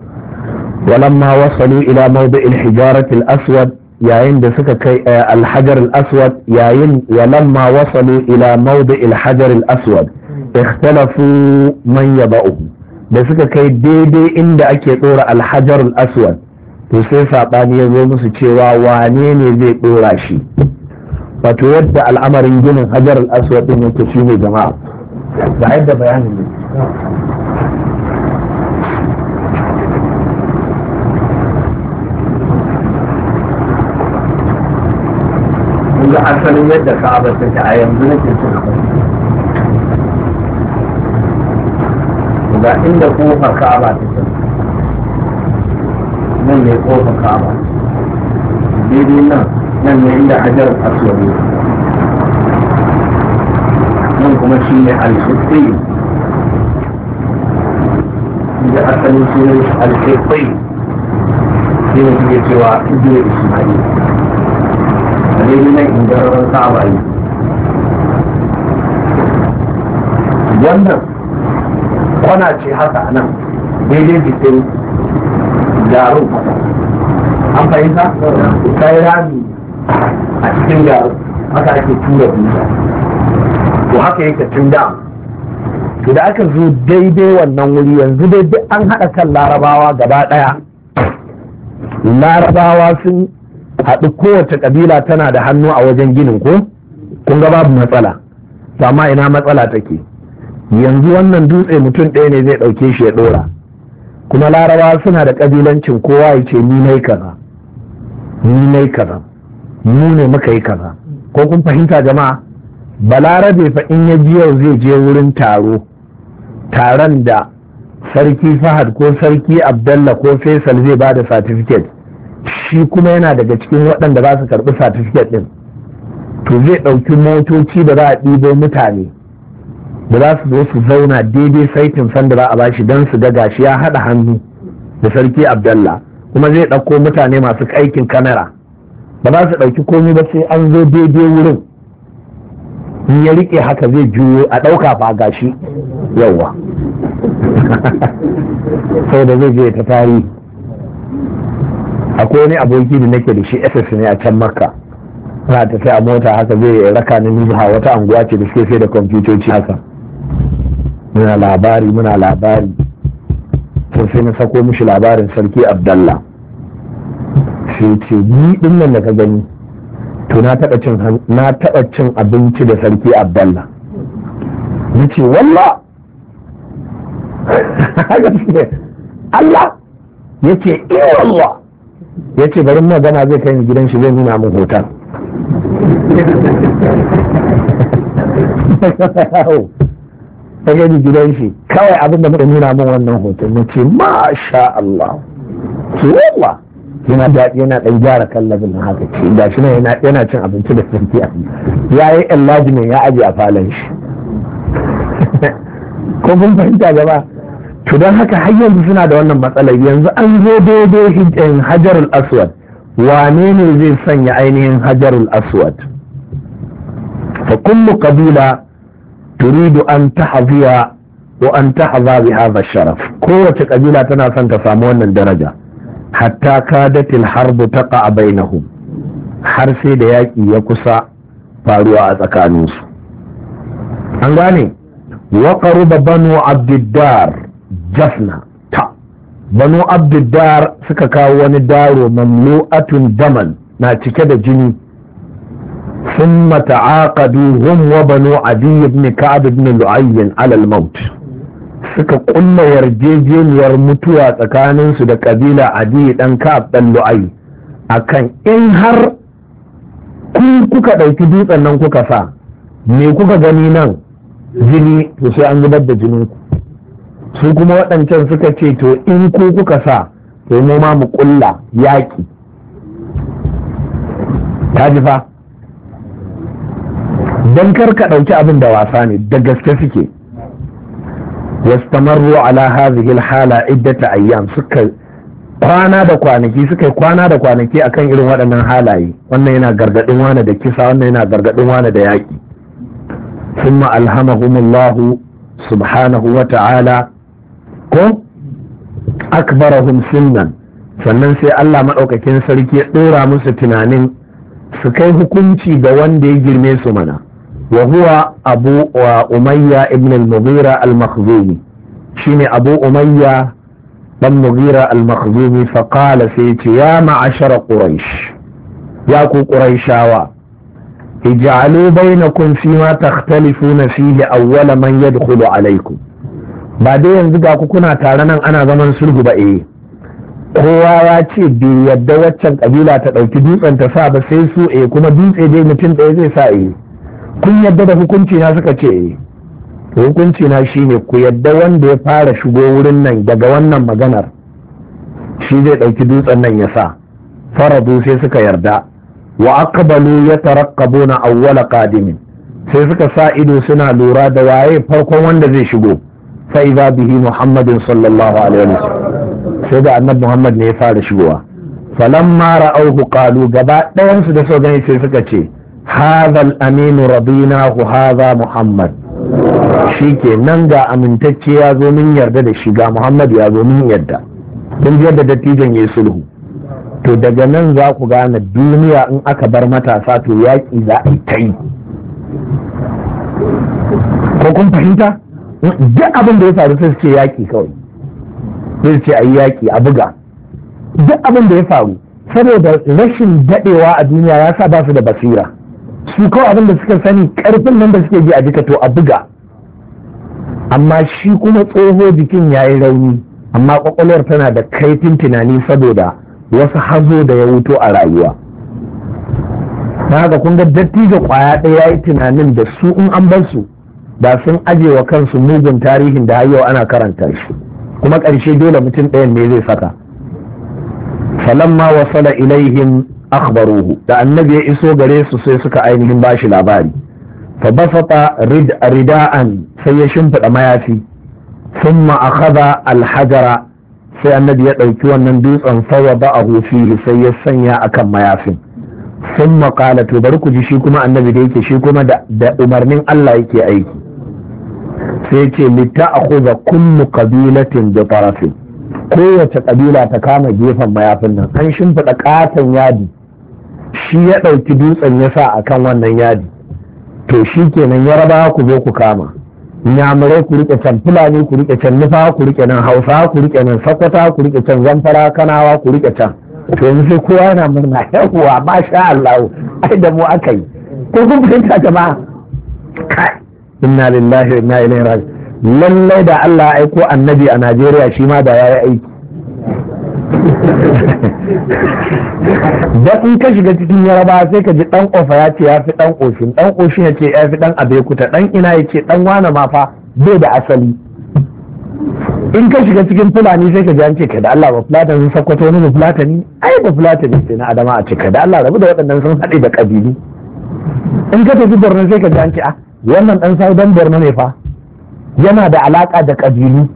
S1: walamma wasalu ila mawdi'il hijaratil aswad yayin da suka kai eh, alhajar al-aswad yayin walamma wasalu ila mawdi'il hajar al-aswad ikhtalafu man yaba'uhu da suka kai daidai inda ake dora alhajarul aswad to sai saɓani ya zo musu cewa wane ne zai dora shi wato yadda al'amarin ginin hajarul aswad din yake shi ne jama'a ga yadda bayanin ne asalin yadda ka'aba take a yanzu nake cin abinci guda inda kofar ka'aba ta ce nan ne kofar ka'aba daidai nan nan ne inda hajar aswad nan kuma shi ne al-shiqi inda asalin shi ne al-shiqi shi ne suke cewa ibnu isma'il a daidai nan inda ka'aba yi wannan kwana ce haka nan daidai jikin garin an fahimta kai rami a cikin garin haka ake tura buta to haka yake tun da to da aka zo daidai wannan wuri yanzu dai duk an haɗa kan larabawa gaba ɗaya larabawa sun haɗu kowace ƙabila tana da hannu a wajen ginin ko kun ga babu matsala amma ina matsala take yanzu wannan dutse mutum ɗaya ne zai ɗauke shi ya ɗora kuma larabawa suna da ƙabilancin kowa ya ce ni nai kaza ni nai kaza mu ne muka yi kaza ko kun fahimta jama'a balarabe fa in ya ji yau zai je wurin taro taron da sarki fahad ko sarki abdalla ko faisal zai ba da satifiket shi kuma yana daga cikin waɗanda za su karɓi satifiket ɗin to zai ɗauki motoci da za a ɗibo mutane da za su zo su zauna daidai saitin sanda za a ba shi don su ga gashi ya haɗa hannu da sarki abdallah kuma zai ɗauko mutane masu aikin kamera ba za su ɗauki komai ba sai an zo daidai wurin in ya riƙe haka zai juyo a ɗauka ba shi yauwa sau da zai je ta tarihi akwai wani aboki da nake da shi ss ne a can makka na a mota haka zai raka ni zuwa wata anguwa ce da suke sai da kwamfutoci haka muna labari muna labari to sai na sako mishi labarin sarki abdalla sai ce ni din nan da ka gani to na taɓa cin abinci da sarki Ya ce walla Allah ya e eh, walla. Ya ce bari magana zai kai ni gidan shi zai nuna min hoton na gani gidan shi kawai abin da muka nuna min wannan hoton na ce masha Allah ce yawa yana daɗi yana ɗan gyara kallabin na haka ce ga shi yana yana cin abinci da sarki a ya yi enlargement ya ajiye a falon shi ko kun fahimta gaba to don haka har yanzu suna da wannan matsalar yanzu an zo daidai hajarul aswad wane ne zai sanya ainihin hajarul aswad fa kullu qabila turidu an tahziya wa an sharaf kowace ƙabila tana son ta samu wannan daraja hatta kadatil harbu taqa bainahum har sai da yaƙi ya kusa faruwa a tsakaninsu an gane Waƙaruba qaruba banu abdiddar jafna ta banu abdiddar suka kawo wani daro mamlu'atun daman na cike da jini ثم تعاقدوا هم وبنو عدي بن كعب بن لؤي على الموت suka kulla yarjejeniyar mutuwa tsakaninsu da ƙabila a ɗan ka'ab dan lu'ai akan in har kun kuka ɗauki dutsen nan kuka sa me kuka gani nan jini to sai an zubar da jinin ku su kuma waɗancan suka ce to in ku kuka sa to mu ma mu ƙulla yaƙi ta ji fa don kar ka ɗauki abin da wasa ne da gaske suke wastamarru ala hadhihi alhala iddata ayyam suka kwana da kwanaki suka kwana da kwanaki akan irin waɗannan halaye wannan yana gargadin wani da kisa wannan yana gargadin wani da yaƙi thumma alhamahumullahu subhanahu wa ta'ala ko akbarahum sunnan sannan sai Allah maɗaukakin sarki ya ɗora musu tunanin su kai hukunci ga wanda ya girme su mana wa huwa abu wa umayya ibn al-mughira al-makhzumi shine abu umayya dan mughira al-makhzumi fa sai ce ya ma'ashara quraish ya ku quraishawa ij'alu bainakum fi ma takhtalifuna fihi awwala man yadkhulu alaykum ba dai yanzu ga ku kuna tare nan ana zaman sulhu ba eh kowa ya ce bai yadda waccan ƙabila ta ɗauki dutsen ta sa ba sai su e kuma dutse dai mutum ɗaya zai sa eh kun yadda da hukunci na suka ce eh, hukunci na shine ku yadda wanda ya fara shigo wurin nan daga wannan maganar shi zai ɗauki dutsen nan ya sa faradu sai suka yarda wa aqbalu na awwala qadimin sai suka sa ido suna lura da waye farkon wanda zai shigo fa idza bihi muhammadin sallallahu alaihi wasallam sai da annabi muhammad ne ya fara shigowa falamma ra'awhu qalu gaba ɗayan su da so gani sai suka ce هذا al-aminu radinahu محمد muhammad ke nan ga amintacce ya zo min yarda da shi ga muhammad ya zo min yarda don yadda dattijan ya sulhu to daga nan za ku gane duniya in aka bar matasa to yaƙi za a yi ta yi ko kun fahimta duk abin da ya faru sai ce yaƙi kawai sai ce a yi yaƙi a buga duk abin da ya faru saboda rashin daɗewa a duniya ya sa ba su da basira su ko abin da suka sani karfin nan da suke ji a jika to a buga amma shi kuma tsoho jikin ya yi rauni amma kwakwalwar tana da kaifin tunani saboda wasu hazo da ya wuto a rayuwa na haka kun ga dattijo kwaya ɗaya yi tunanin da su in an bar su ba sun aje wa kansu mugun tarihin da har ana karanta shi kuma ƙarshe dole mutum ɗayan ne zai saka falamma wasala ilaihim akhbaruhu da annabi ya iso gare su sai suka ainihin bashi labari fa basata rida'an sai ya shimfiɗa mayafi thumma akhadha alhajara sai annabi ya ɗauki wannan dutsen fawa a fihi sai ya sanya akan mayafin thumma qala to bari ku ji shi kuma annabi da yake shi kuma da umarnin Allah yake aiki sai ce lita'khudha kullu qabilatin bi tarafin kowace kabila ta kama gefen mayafin nan an shimfiɗa katon yadi shi ya ɗauki dutsen ya sa a kan wannan yadi to shi kenan raba ku zo ku kama nyamurai ku rike can fulani ku rike can nufa ku rike nan hausa ku rike nan sakwata ku rike can zamfara kanawa ku rike can to yanzu sai kowa yana murna yawwa ba sha Allah ai da mu aka yi ko kun fahimta jama'a inna lillahi wa inna ilaihi raji lallai da Allah aiko annabi a Najeriya shi ma da yayi aiki da in ka shiga cikin yaraba sai ka ji dan ofa ya ce ya fi dan oshin dan oshin ya ce ya fi dan abekuta dan ina ya ce dan wane ma fa bai da asali in ka shiga cikin fulani sai ka ji an ce ka da Allah ba fulatan sun sakwato wani ba fulatani ai ba fulatani sai na adama a ce ka da Allah rabu da waɗannan sun haɗe da ƙabilu in ka tafi borno sai ka ji an ce ah wannan dan sai dan borno ne fa yana da alaka da ƙabilu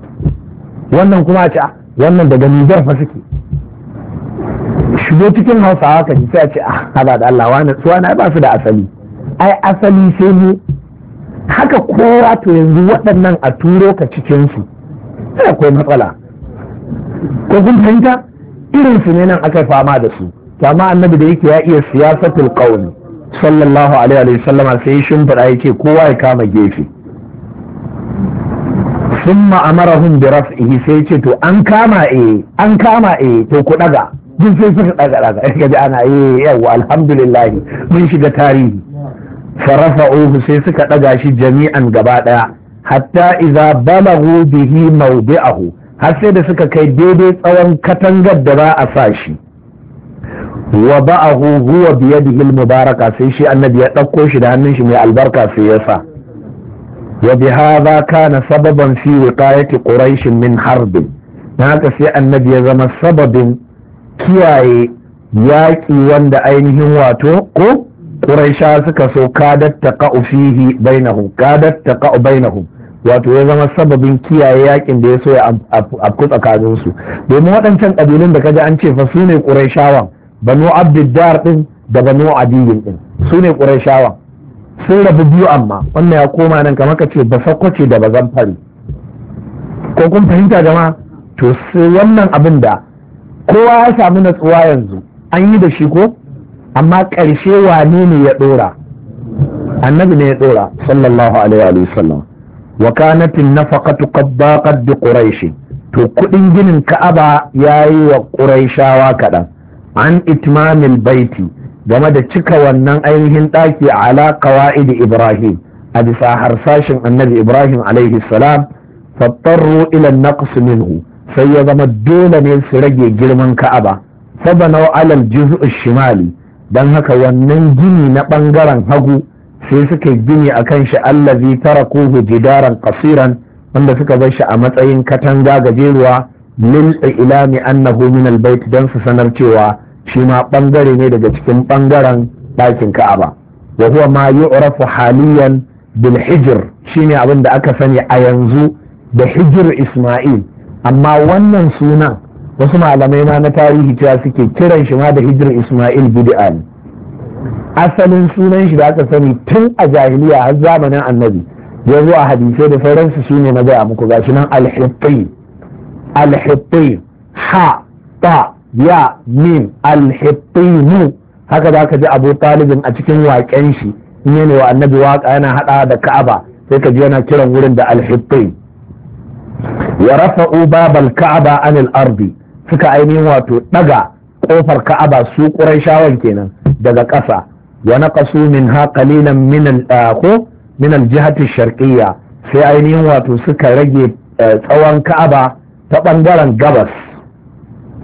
S1: wannan kuma a ce ah wannan daga nijar fa suke shigo cikin hausawa haka ji sai a ce ah da Allah wani su wani ba su da asali ai asali sai ne haka kowa to yanzu waɗannan a turo ka cikin su sai akwai matsala ko kun fahimta irin su ne nan aka fama da su amma annabi da yake ya iya siyasatul qawl sallallahu alaihi wa sallam sai shin ya yake kowa ya kama gefe thumma amarahum bi raf'ihi sai ce to an kama eh an kama eh to ku daga jin sai suka daga daga sai kaji ana eh yawa alhamdulillah mun shiga tarihi Farafa ohu sai suka daga shi jami'an gaba daya hatta idza balaghu bihi mawdi'ahu har sai da suka kai daidai tsawon katangar da za a sa shi wa ba'ahu huwa da al-mubaraka sai shi annabi ya dauko shi da hannun shi mai albarka sai ya sa wa bihadha kana sababan fi wiqayati quraish min harbin na haka sai annabi ya zama sababin kiyaye yaƙi wanda ainihin wato ko ƙuraisha suka so kadar ta ka'u fihi bainahum kadar ta wato ya zama sababin kiyaye yaƙin da ya so ya afku tsakanin su domin waɗancan ƙabilun da kaji an ce fa su ne ƙuraishawan banu abdiddar ɗin da banu adiyin ɗin su ne ƙuraishawan sun rabu biyu amma wannan ya koma nan kamar ka ce ba ce da ba zan fari ko kun fahimta jama to sai wannan abin da kowa ya samu natsuwa yanzu an yi da shi ko amma ƙarshe wane ne ya ɗora annabi ne ya ɗora sallallahu alaihi wa sallam wa kanatin nafaqatu qad daqat bi quraish to kudin ginin ka'aba yayi wa quraishawa kaɗan an itmamil baiti game da cika wannan ainihin ɗaki ala qawaid ibrahim a bisa harsashin annabi ibrahim alaihi salam fattaru ila naqs minhu sai ya zama dole ne su rage girman ka'aba fabanau alal juz'u shimali dan haka wannan gini na bangaren hagu sai suka gini akan shi allazi tarakuhu jidaran qasiran wanda suka bar shi a matsayin katanga gajeruwa lil ilami annahu min albayt dan su sanar cewa shi ma ɓangare ne daga cikin ɓangaren ɗakin ka'aba wa huwa ma yu'rafu haliyan bil hijr shine abin da aka sani a yanzu da hijr isma'il amma wannan sunan wasu malamai ma na tarihi cewa suke kiran shi ma da hijr isma'il bid'a asalin sunan shi da aka sani tun a jahiliya har zamanin annabi ya zo a hadisai da sauransu ne na gaya muku gashi nan al-hittin ha ta ya min alhittinu haka za ka ji abu talibin a cikin waƙen shi in yana wa annabi waƙa yana haɗa da ka'aba sai ka ji yana kiran wurin da alhittin wa rafa'u babal ka'aba anil ardi suka ainihin wato ɗaga ƙofar ka'aba su ƙurayshawan kenan daga ƙasa wa naqasu minha qalilan min al ah, min jihati sai ainihin wato suka rage eh, tsawon ka'aba ta ɓangaren gabas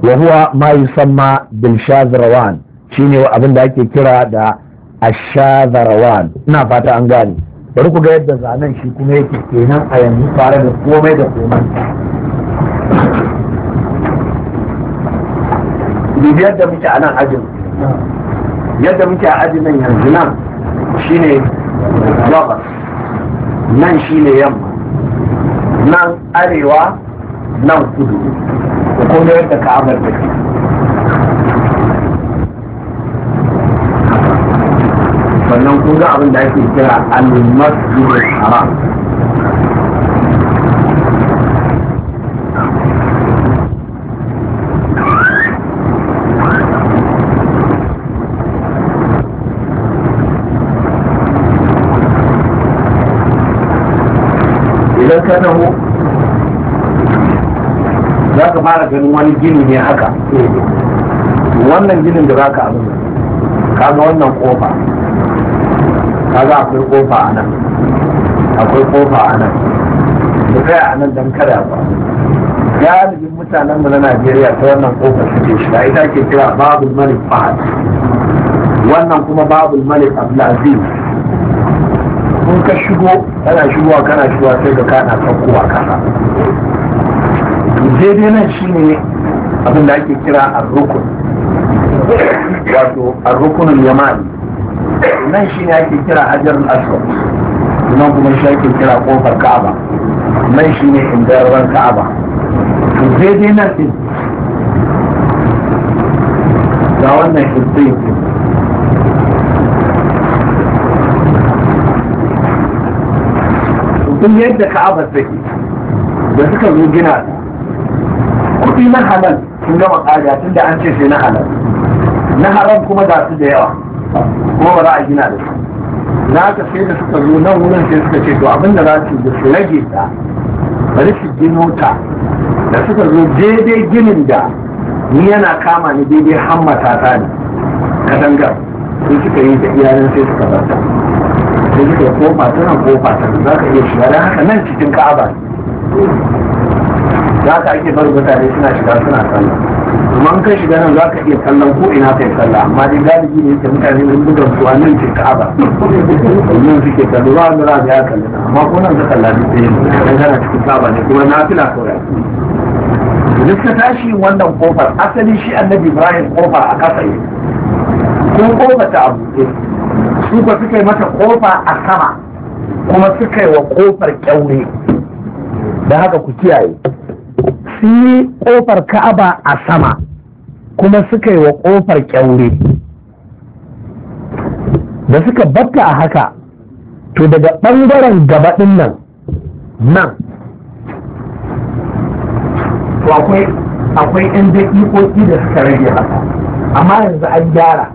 S1: wa huwa ma yusamma bil shazrawan shine abin da ake kira da ashazarawan ina fata an gane bari ku ga yadda zanen shi kuma yake kenan a yanzu tare da komai da komai bibiyar da muke a nan ajin yadda muke a ajin nan yanzu nan shi ne nan ne yamma nan arewa nan kudu ko da yadda ka'abar da ke sannan kun ga abin da ake kira al-masjidul haram idan kana za ka fara ganin wani gini ne haka wannan ginin da za ka abu ga wannan kofa ga akwai kofa a nan akwai kofa a nan da kai a nan don kada ba galibin mutanen mu na najeriya ta wannan kofa suke shiga ita ke kira babul malik fahad wannan kuma babul malik abdulaziz kun ka shigo kana shigowa kana shigowa sai ka kana kankuwa kasa daidai nan shi ne abin da ake kira arrukun wato arrukunin yamani nan shi ne ake kira hajar aswad nan kuma shi ake kira kofar ka'aba nan shi ne ran ka'aba to daidai nan din ga wannan hibbin din yadda ka'aba take da suka zo gina ta kuɗi na halal sun gama ƙariya tun da an ce sai na halal na haram kuma ga su da yawa kuma ba za a gina da su na haka sai da suka zo nan wurin sai suka ce to abin da za su da su rage ta bari su gino ta da suka zo daidai ginin da ni yana kama ni daidai hammata ta ne katangar sai suka yi da iyalin sai suka bar sai suka kofa tana kofa ta za ka iya shiga da haka nan cikin ka'aba za ka ake bar mutane suna shiga suna sallah amma an kai shiga nan za ka iya kallon ko ina kai sallah amma dai galibi ne ke mutane mun buga suwa nan ke ka'aba nan suke kallo ba za a ya kalli amma ko nan ka kalla duk da yin dan kana cikin ka'aba ne kuma na fila kawai duka ka tashi wannan kofar asali shi annabi ibrahim kofa a kasa yi ko kofa ta abuɗe su ka suka yi mata kofa a sama kuma suka yi wa kofar kyaure Da haka ku kiyaye su yi ƙofar ka'aba a sama kuma suka yi wa ƙofar ƙyaure. da suka batta a haka to daga ɓangaren gabaɗin nan nan to akwai 'yan daƙiƙoƙi da suka rage haka amma yanzu an gyara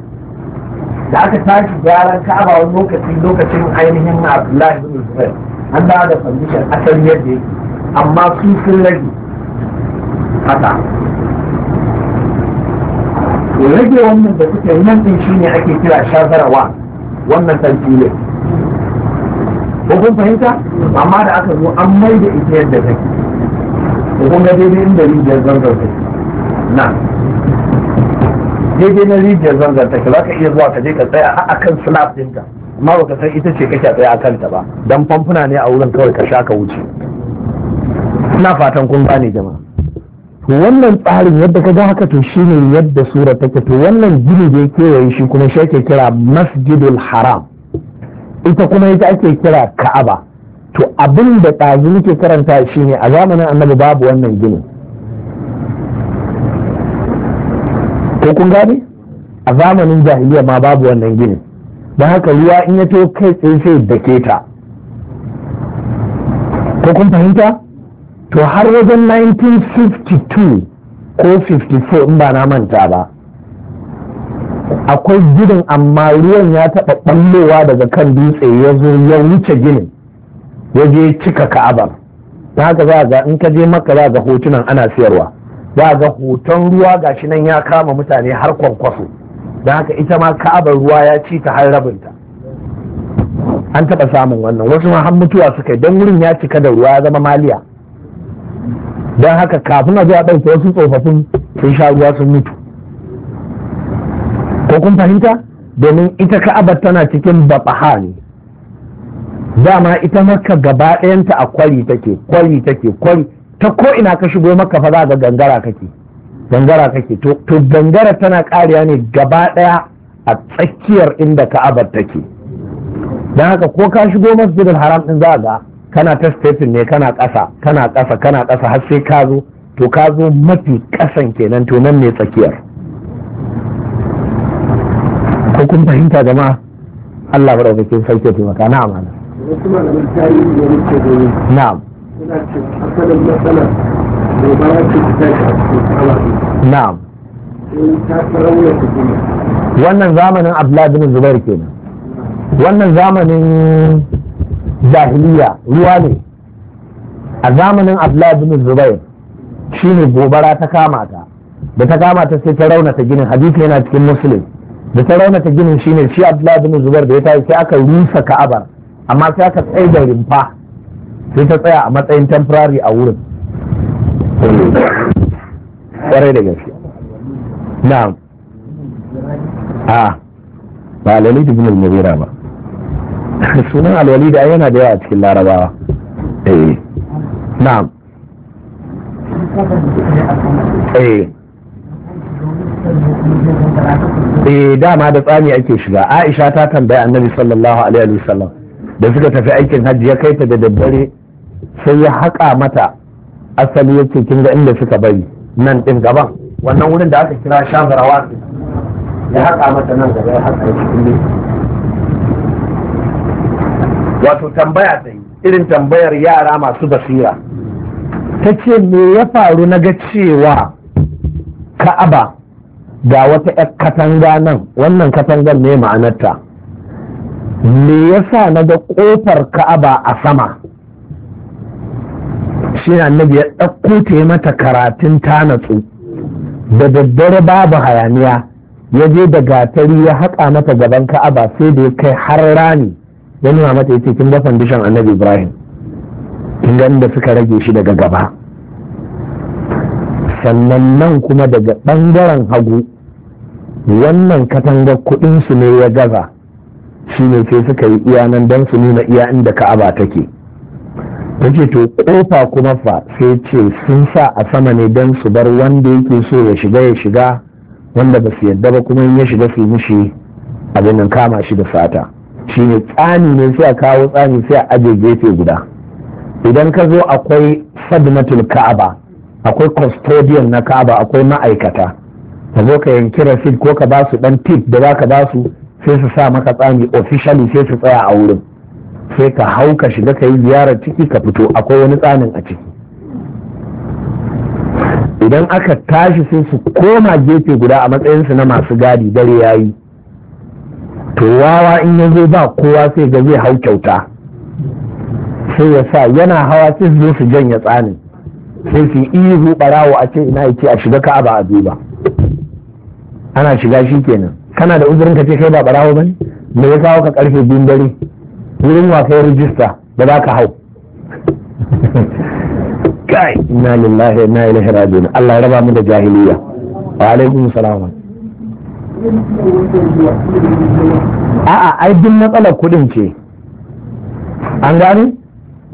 S1: da aka tashi gyaran ka'aba wani lokacin lokacin ainihin na abdullahi bin zubair an da da asali yadda yake amma su sun rage haka to rage wannan da suke nan din shine ake kira shazarawa wannan tantile ne ko kun fahimta amma da aka zo an mai da ita yadda take ko kun ga daidai inda rijiyar zangar take na daidai na rijiyar zangar take za ka iya zuwa ka je ka tsaya a kan slab ɗinka amma ba ka san ita ce kake tsaya a kanta ba dan famfuna ne a wurin kawai ka sha ka wuce ina fatan kun gane jama'a to wannan tsarin yadda ka ga haka to shine yadda sura take to wannan gini da yake kewaye shi kuma shi ake kira masjidul haram ita kuma ita ake kira ka'aba to abin da ɗazu muke karanta shine a zamanin annabi babu wannan gini ko kun gane a zamanin jahiliya ma babu wannan gini don haka ruwa in ya to kai tsaye sai dake ta ko kun fahimta to har wajen 1952 ko 54 in ba na manta ba akwai ginin amma ruwan ya taɓa ɓallowa daga kan dutse ya zo ya wuce ginin ya je cika ka'abar ta haka za ga in ka je maka za ga hotunan ana siyarwa za ga hoton ruwa ga shi nan ya kama mutane har kwankwaso da haka ita ma ka'abar ruwa ya ci ta har rabinta an taɓa samun wannan wasu ma har mutuwa suka don wurin ya cika da ruwa ya zama maliya don haka kafin a zuwa ɗauke wasu tsofaffin sun sha ruwa sun mutu ko kun fahimta domin ita ka'abar tana cikin baɓaha ne dama ita maka gaba ɗayanta a kwari take kwari take kwari ta ko ina ka shigo maka fa za ga gangara kake gangara kake to gangara tana ƙariya ne gaba ɗaya a tsakiyar inda ka'abar take don haka ko ka shigo masjidil haram ɗin za ga kana ta stepping ne kana ƙasa kana ƙasa kana ƙasa har sai ka zo to ka zo mafi ƙasan kenan to nan ne tsakiyar ko kun fahimta jama'a Allah madaukakin sarki ya taimaka na amana na'am na'am wannan zamanin Abdullahi bin Zubair kenan wannan zamanin jahiliya ruwa ne a zamanin abdullahi bin zubair shine gobara ta kama ta da ta kama ta sai ta raunata ginin hadisi yana cikin muslim da ta raunata ginin shine shi abdullahi bin zubair da ya tashi sai aka rusa ka'abar amma sai aka tsaye da rimfa sai ta tsaya a matsayin temporary a wurin kwarai da gaske na'am a ah, ba lalita bin al ba sunan alwalida yana da yawa a cikin larabawa eh na'am eh. eh dama da tsami ake shiga aisha ta tambaya annabi sallallahu alaihi wasallam da suka tafi aikin hajji ya kai ta da daddare sai ya haƙa mata asali yake kin ga inda suka bari nan din gaban wannan wurin da aka kira shazarawa ya haƙa mata nan gaba ya haƙa cikin wato tambaya ta yi irin tambayar yara masu basira ta ce me ya faru na ga cewa ka'aba ga wata 'yar katanga nan wannan katangar ne ma'anarta me sa na ga ƙofar ka'aba a sama shi annabi ya ɗauko ta mata karatun ta natsu da daddare babu hayaniya ya je da gatari ya haƙa mata gaban ka'aba sai da ya kai har rani ya nuna mata yace kin dafa bishan annabi ibrahim kin ganin da suka rage shi daga gaba sannan nan kuma daga ɓangaren hagu wannan katangar kuɗin su ne ya gaza shi ne sai suka yi iya nan don su nuna iya inda ka'aba take ce to kofa kuma fa sai ce sun sa a sama ne don su bar wanda yake so ya shiga ya shiga wanda ba su yadda ba kuma in ya shiga su mishi abin kama shi da sata Shi ne tsani ne sai a kawo tsani sai a ajiye gefe guda idan ka zo akwai sadmatul ka'aba akwai custodian na ka'aba akwai ma'aikata ka zo ka yanki rasid ko ka basu dan tip da zaka basu sai su sa maka tsani officially sai su tsaya a wurin sai ka hau ka shiga ka yi ziyarar ciki ka fito akwai wani tsanin a ciki idan aka tashi sai su koma gefe guda a matsayinsu na masu gadi dare yayi to wawa in ya zo ba kowa sai ga zai hau kyauta sai ya sa yana hawa sai su zo su janya tsani sai su ihu barawo a ce ina yake a shiga ba a ba ana shiga shi kenan kana da uzurin ka ce kai ba barawo bane me ya kawo ka karfe biyun dare wurin wasan rijista da za ka hau kai inna lillahi na inna lahira raji'un Allah ya raba mu da jahiliya wa alaikum salam a'a ai duk matsalar kuɗin ce an gani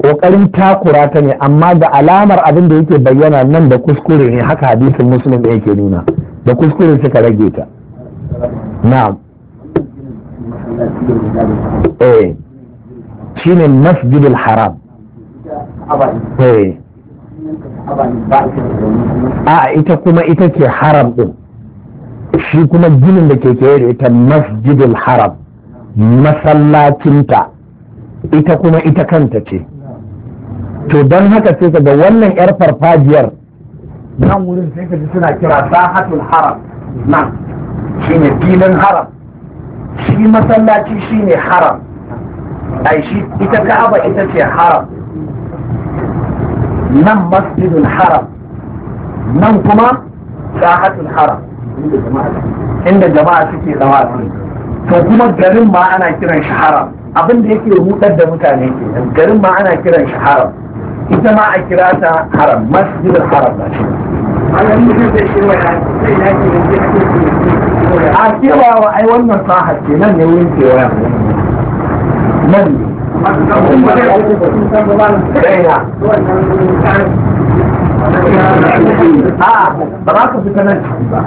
S1: ƙoƙarin takura ta ne amma ga alamar abin da yake bayyana nan da kuskure ne haka hadisin musulun da yake nuna da kuskure suka rage ta na'am eh shine masjidul haram eh a ita kuma ita ke haram din shi kuma ginin da ke kewaye da ita masjidul haram masallacinta ita kuma ita kanta ce to don haka ce ka ga wannan yar farfajiyar nan wurin sai ka ji suna kira sahatul haram nan shine filin haram shi masallaci shi ne haram ai shi ita ka'aba ita ce haram nan masjidul haram nan kuma sahatul haram inda jama'a suke zama to kuma garin ma ana kiran shi haram abin da yake rudar da mutane ke garin ma ana kiran shi haram ita ma a kira ta haram masjidul haram da shi a cewa wa ai wannan sahar ce nan ne wurin kewaya nan ne a ba za ka fita nan ciki ba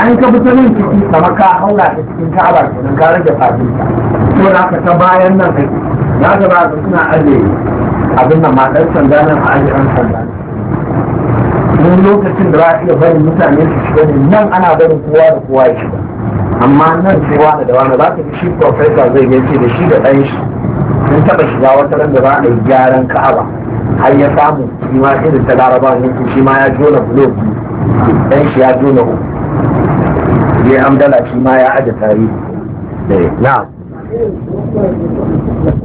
S1: an ka fita nan ciki kama ka haula ta cikin ka'aba kenan ka rage fadin ka to na ka ta bayan nan kai ya ga ba suna aje abin nan ma dan sanda nan a aje an sanda mun lokacin da za a iya barin mutane su shiga ne nan ana barin kowa da kowa ya shiga amma nan sai wani da wani za ka fi shi profesa zai gaishe da shi da ɗan shi sun taɓa shiga wata ran da za a yi gyaran ka'aba har ya samu shi ma irin ta laraba ne shi ma ya jona bulo dan shi ya jona ku. je amdala shi ma ya aje tarihi na eh,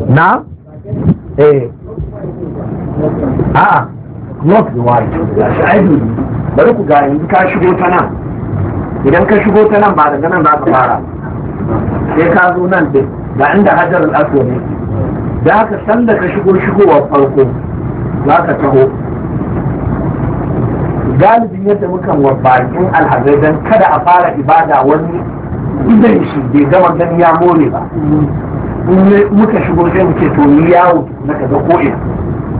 S1: na eh a'a not the one shi ai bari ku ga yanzu ka shigo ta nan idan ka shigo ta nan ba daga nan za ka fara sai ka zo nan da inda hajar al-aswad ne da haka sanda ka shigo shigowa farko za ka taho galibin yadda mukan wa bakin alhazai don kada a fara ibada wani idan shi bai gama gani ya more ba muka shigo sai muke to ni yawo na kaga ko ina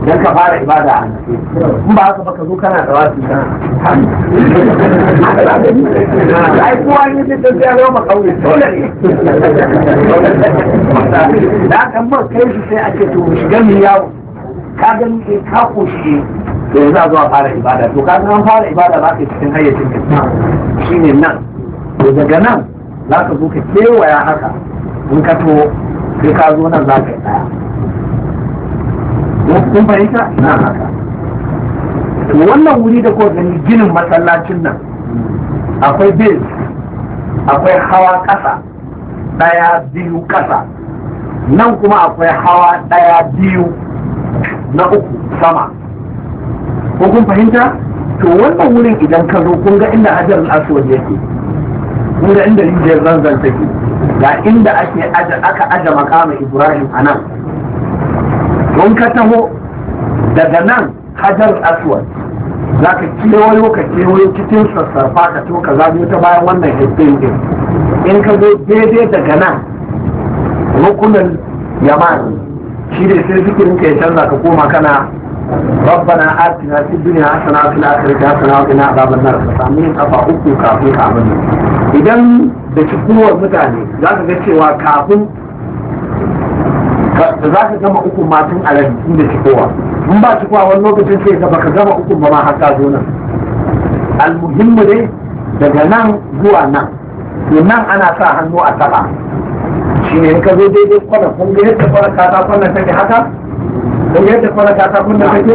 S1: don ka fara ibada a nake in ba haka ba ka zo kana da wasu kana ai kuwa ne zai ta zai zama kauye dole ne da kan ba kai shi sai ake to shiga ni yawo ka gani ke ka koshi to yanzu a zuwa fara ibada to ka an fara ibada za ka yi cikin hayyacin ka ne nan to daga nan za ka zo ka kewaya haka in ka to sai ka zo nan za ka yi kun fahimta ina haka wannan wuri da ko gani ginin masallacin nan akwai bil akwai hawa ƙasa ɗaya biyu ƙasa nan kuma akwai hawa ɗaya biyu na uku sama ko kun fahimta to wannan wurin idan ka zo kun ga inda hajar al-aswad yake kun ga inda rijiyar zanzan take ga inda aka aja makama ibrahim a nan kun ka taho daga nan hajar al-aswad za ka kewayo ka kewayo cikin sassarfa ka to ka ta bayan wannan hibben din in ka zo daidai daga nan rukunin yamani shi ne sai zikirin ka ya canza ka koma kana rabbana atina fid dunya hasana wa fil akhirati hasana wa qina adhaban nar ka sami kafa uku kafin ka abin idan da cikuwar mutane za ka ga cewa kafin za ka gama uku matun alal da cikowa in ba cikowa wani lokacin sai ka baka gama uku ba ma har ka zo nan almuhimmu dai daga nan zuwa nan to nan ana sa hannu a taba shi ne ka zo daidai kwana kun ga yadda kwana katakon nan take haka kun ga yadda kwana katakon nan take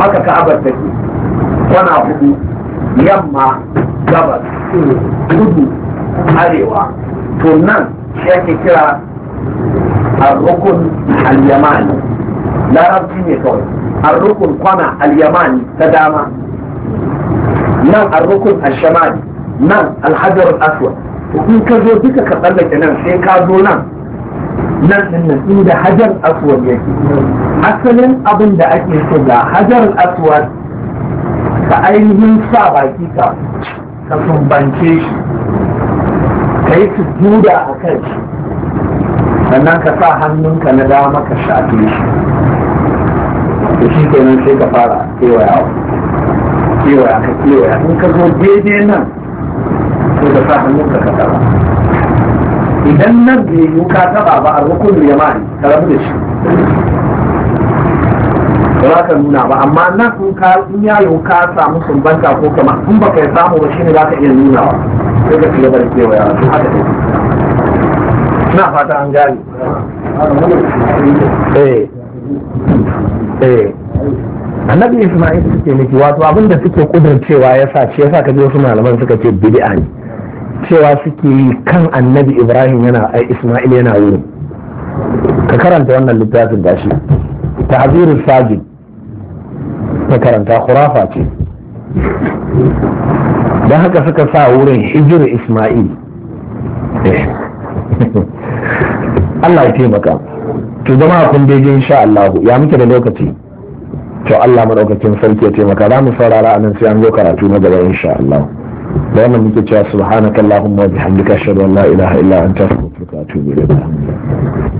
S1: haka ka'abar take kwana hudu yamma gabas kudu arewa to nan shi ake kira الركن اليماني لا ربطيني كوي الركن قنا اليماني تداما نعم الركن الشمالي نعم الحجر الأسود in ka zo duka ka tsallake nan sai ka zo nan nan nan nan inda hajar aswad yake asalin abin da ake so ga hajar aswad ka ainihin sa baki ka ka sumbance shi ka yi su sujuda a kan shi sannan ka sa hannunka na dama ka shafe shi da shi kenan sai ka fara kewayawa kewaya ka kewaya in ka zo daidai nan ko da sa hannun ka ka idan nan bai yi ka taba ba a rukun mani ka rabu da shi ba za ka nuna ba amma nan sun ka in ya yi ka samu sumbanta ko kama in ba ka samu ba shi ne za ka iya nuna ba sai ka fiye bari kewa ya wasu haka ne na fata an gari. eh eh annabi isma'il suke miki wato abin da suke cewa ya sa ce yasa kaje wasu malaman suka ce bid'a ne cewa suke yi kan annabi ibrahim yana a isma'il yana wuri ka karanta wannan littafin gashi ta'zirus sajid ka karanta khurafa ce don haka suka sa wurin hijir isma'il Allah ya taimaka to jama'a kun daidai insha Allah ya muke da lokaci to Allah madaukakin sarki ya taimaka za mu saurara anan sai an zo karatu na gaba insha Allah da wannan muke cewa subhanakallahumma wa bihamdika ashhadu an la ilaha illa anta astaghfiruka wa atubu ilayk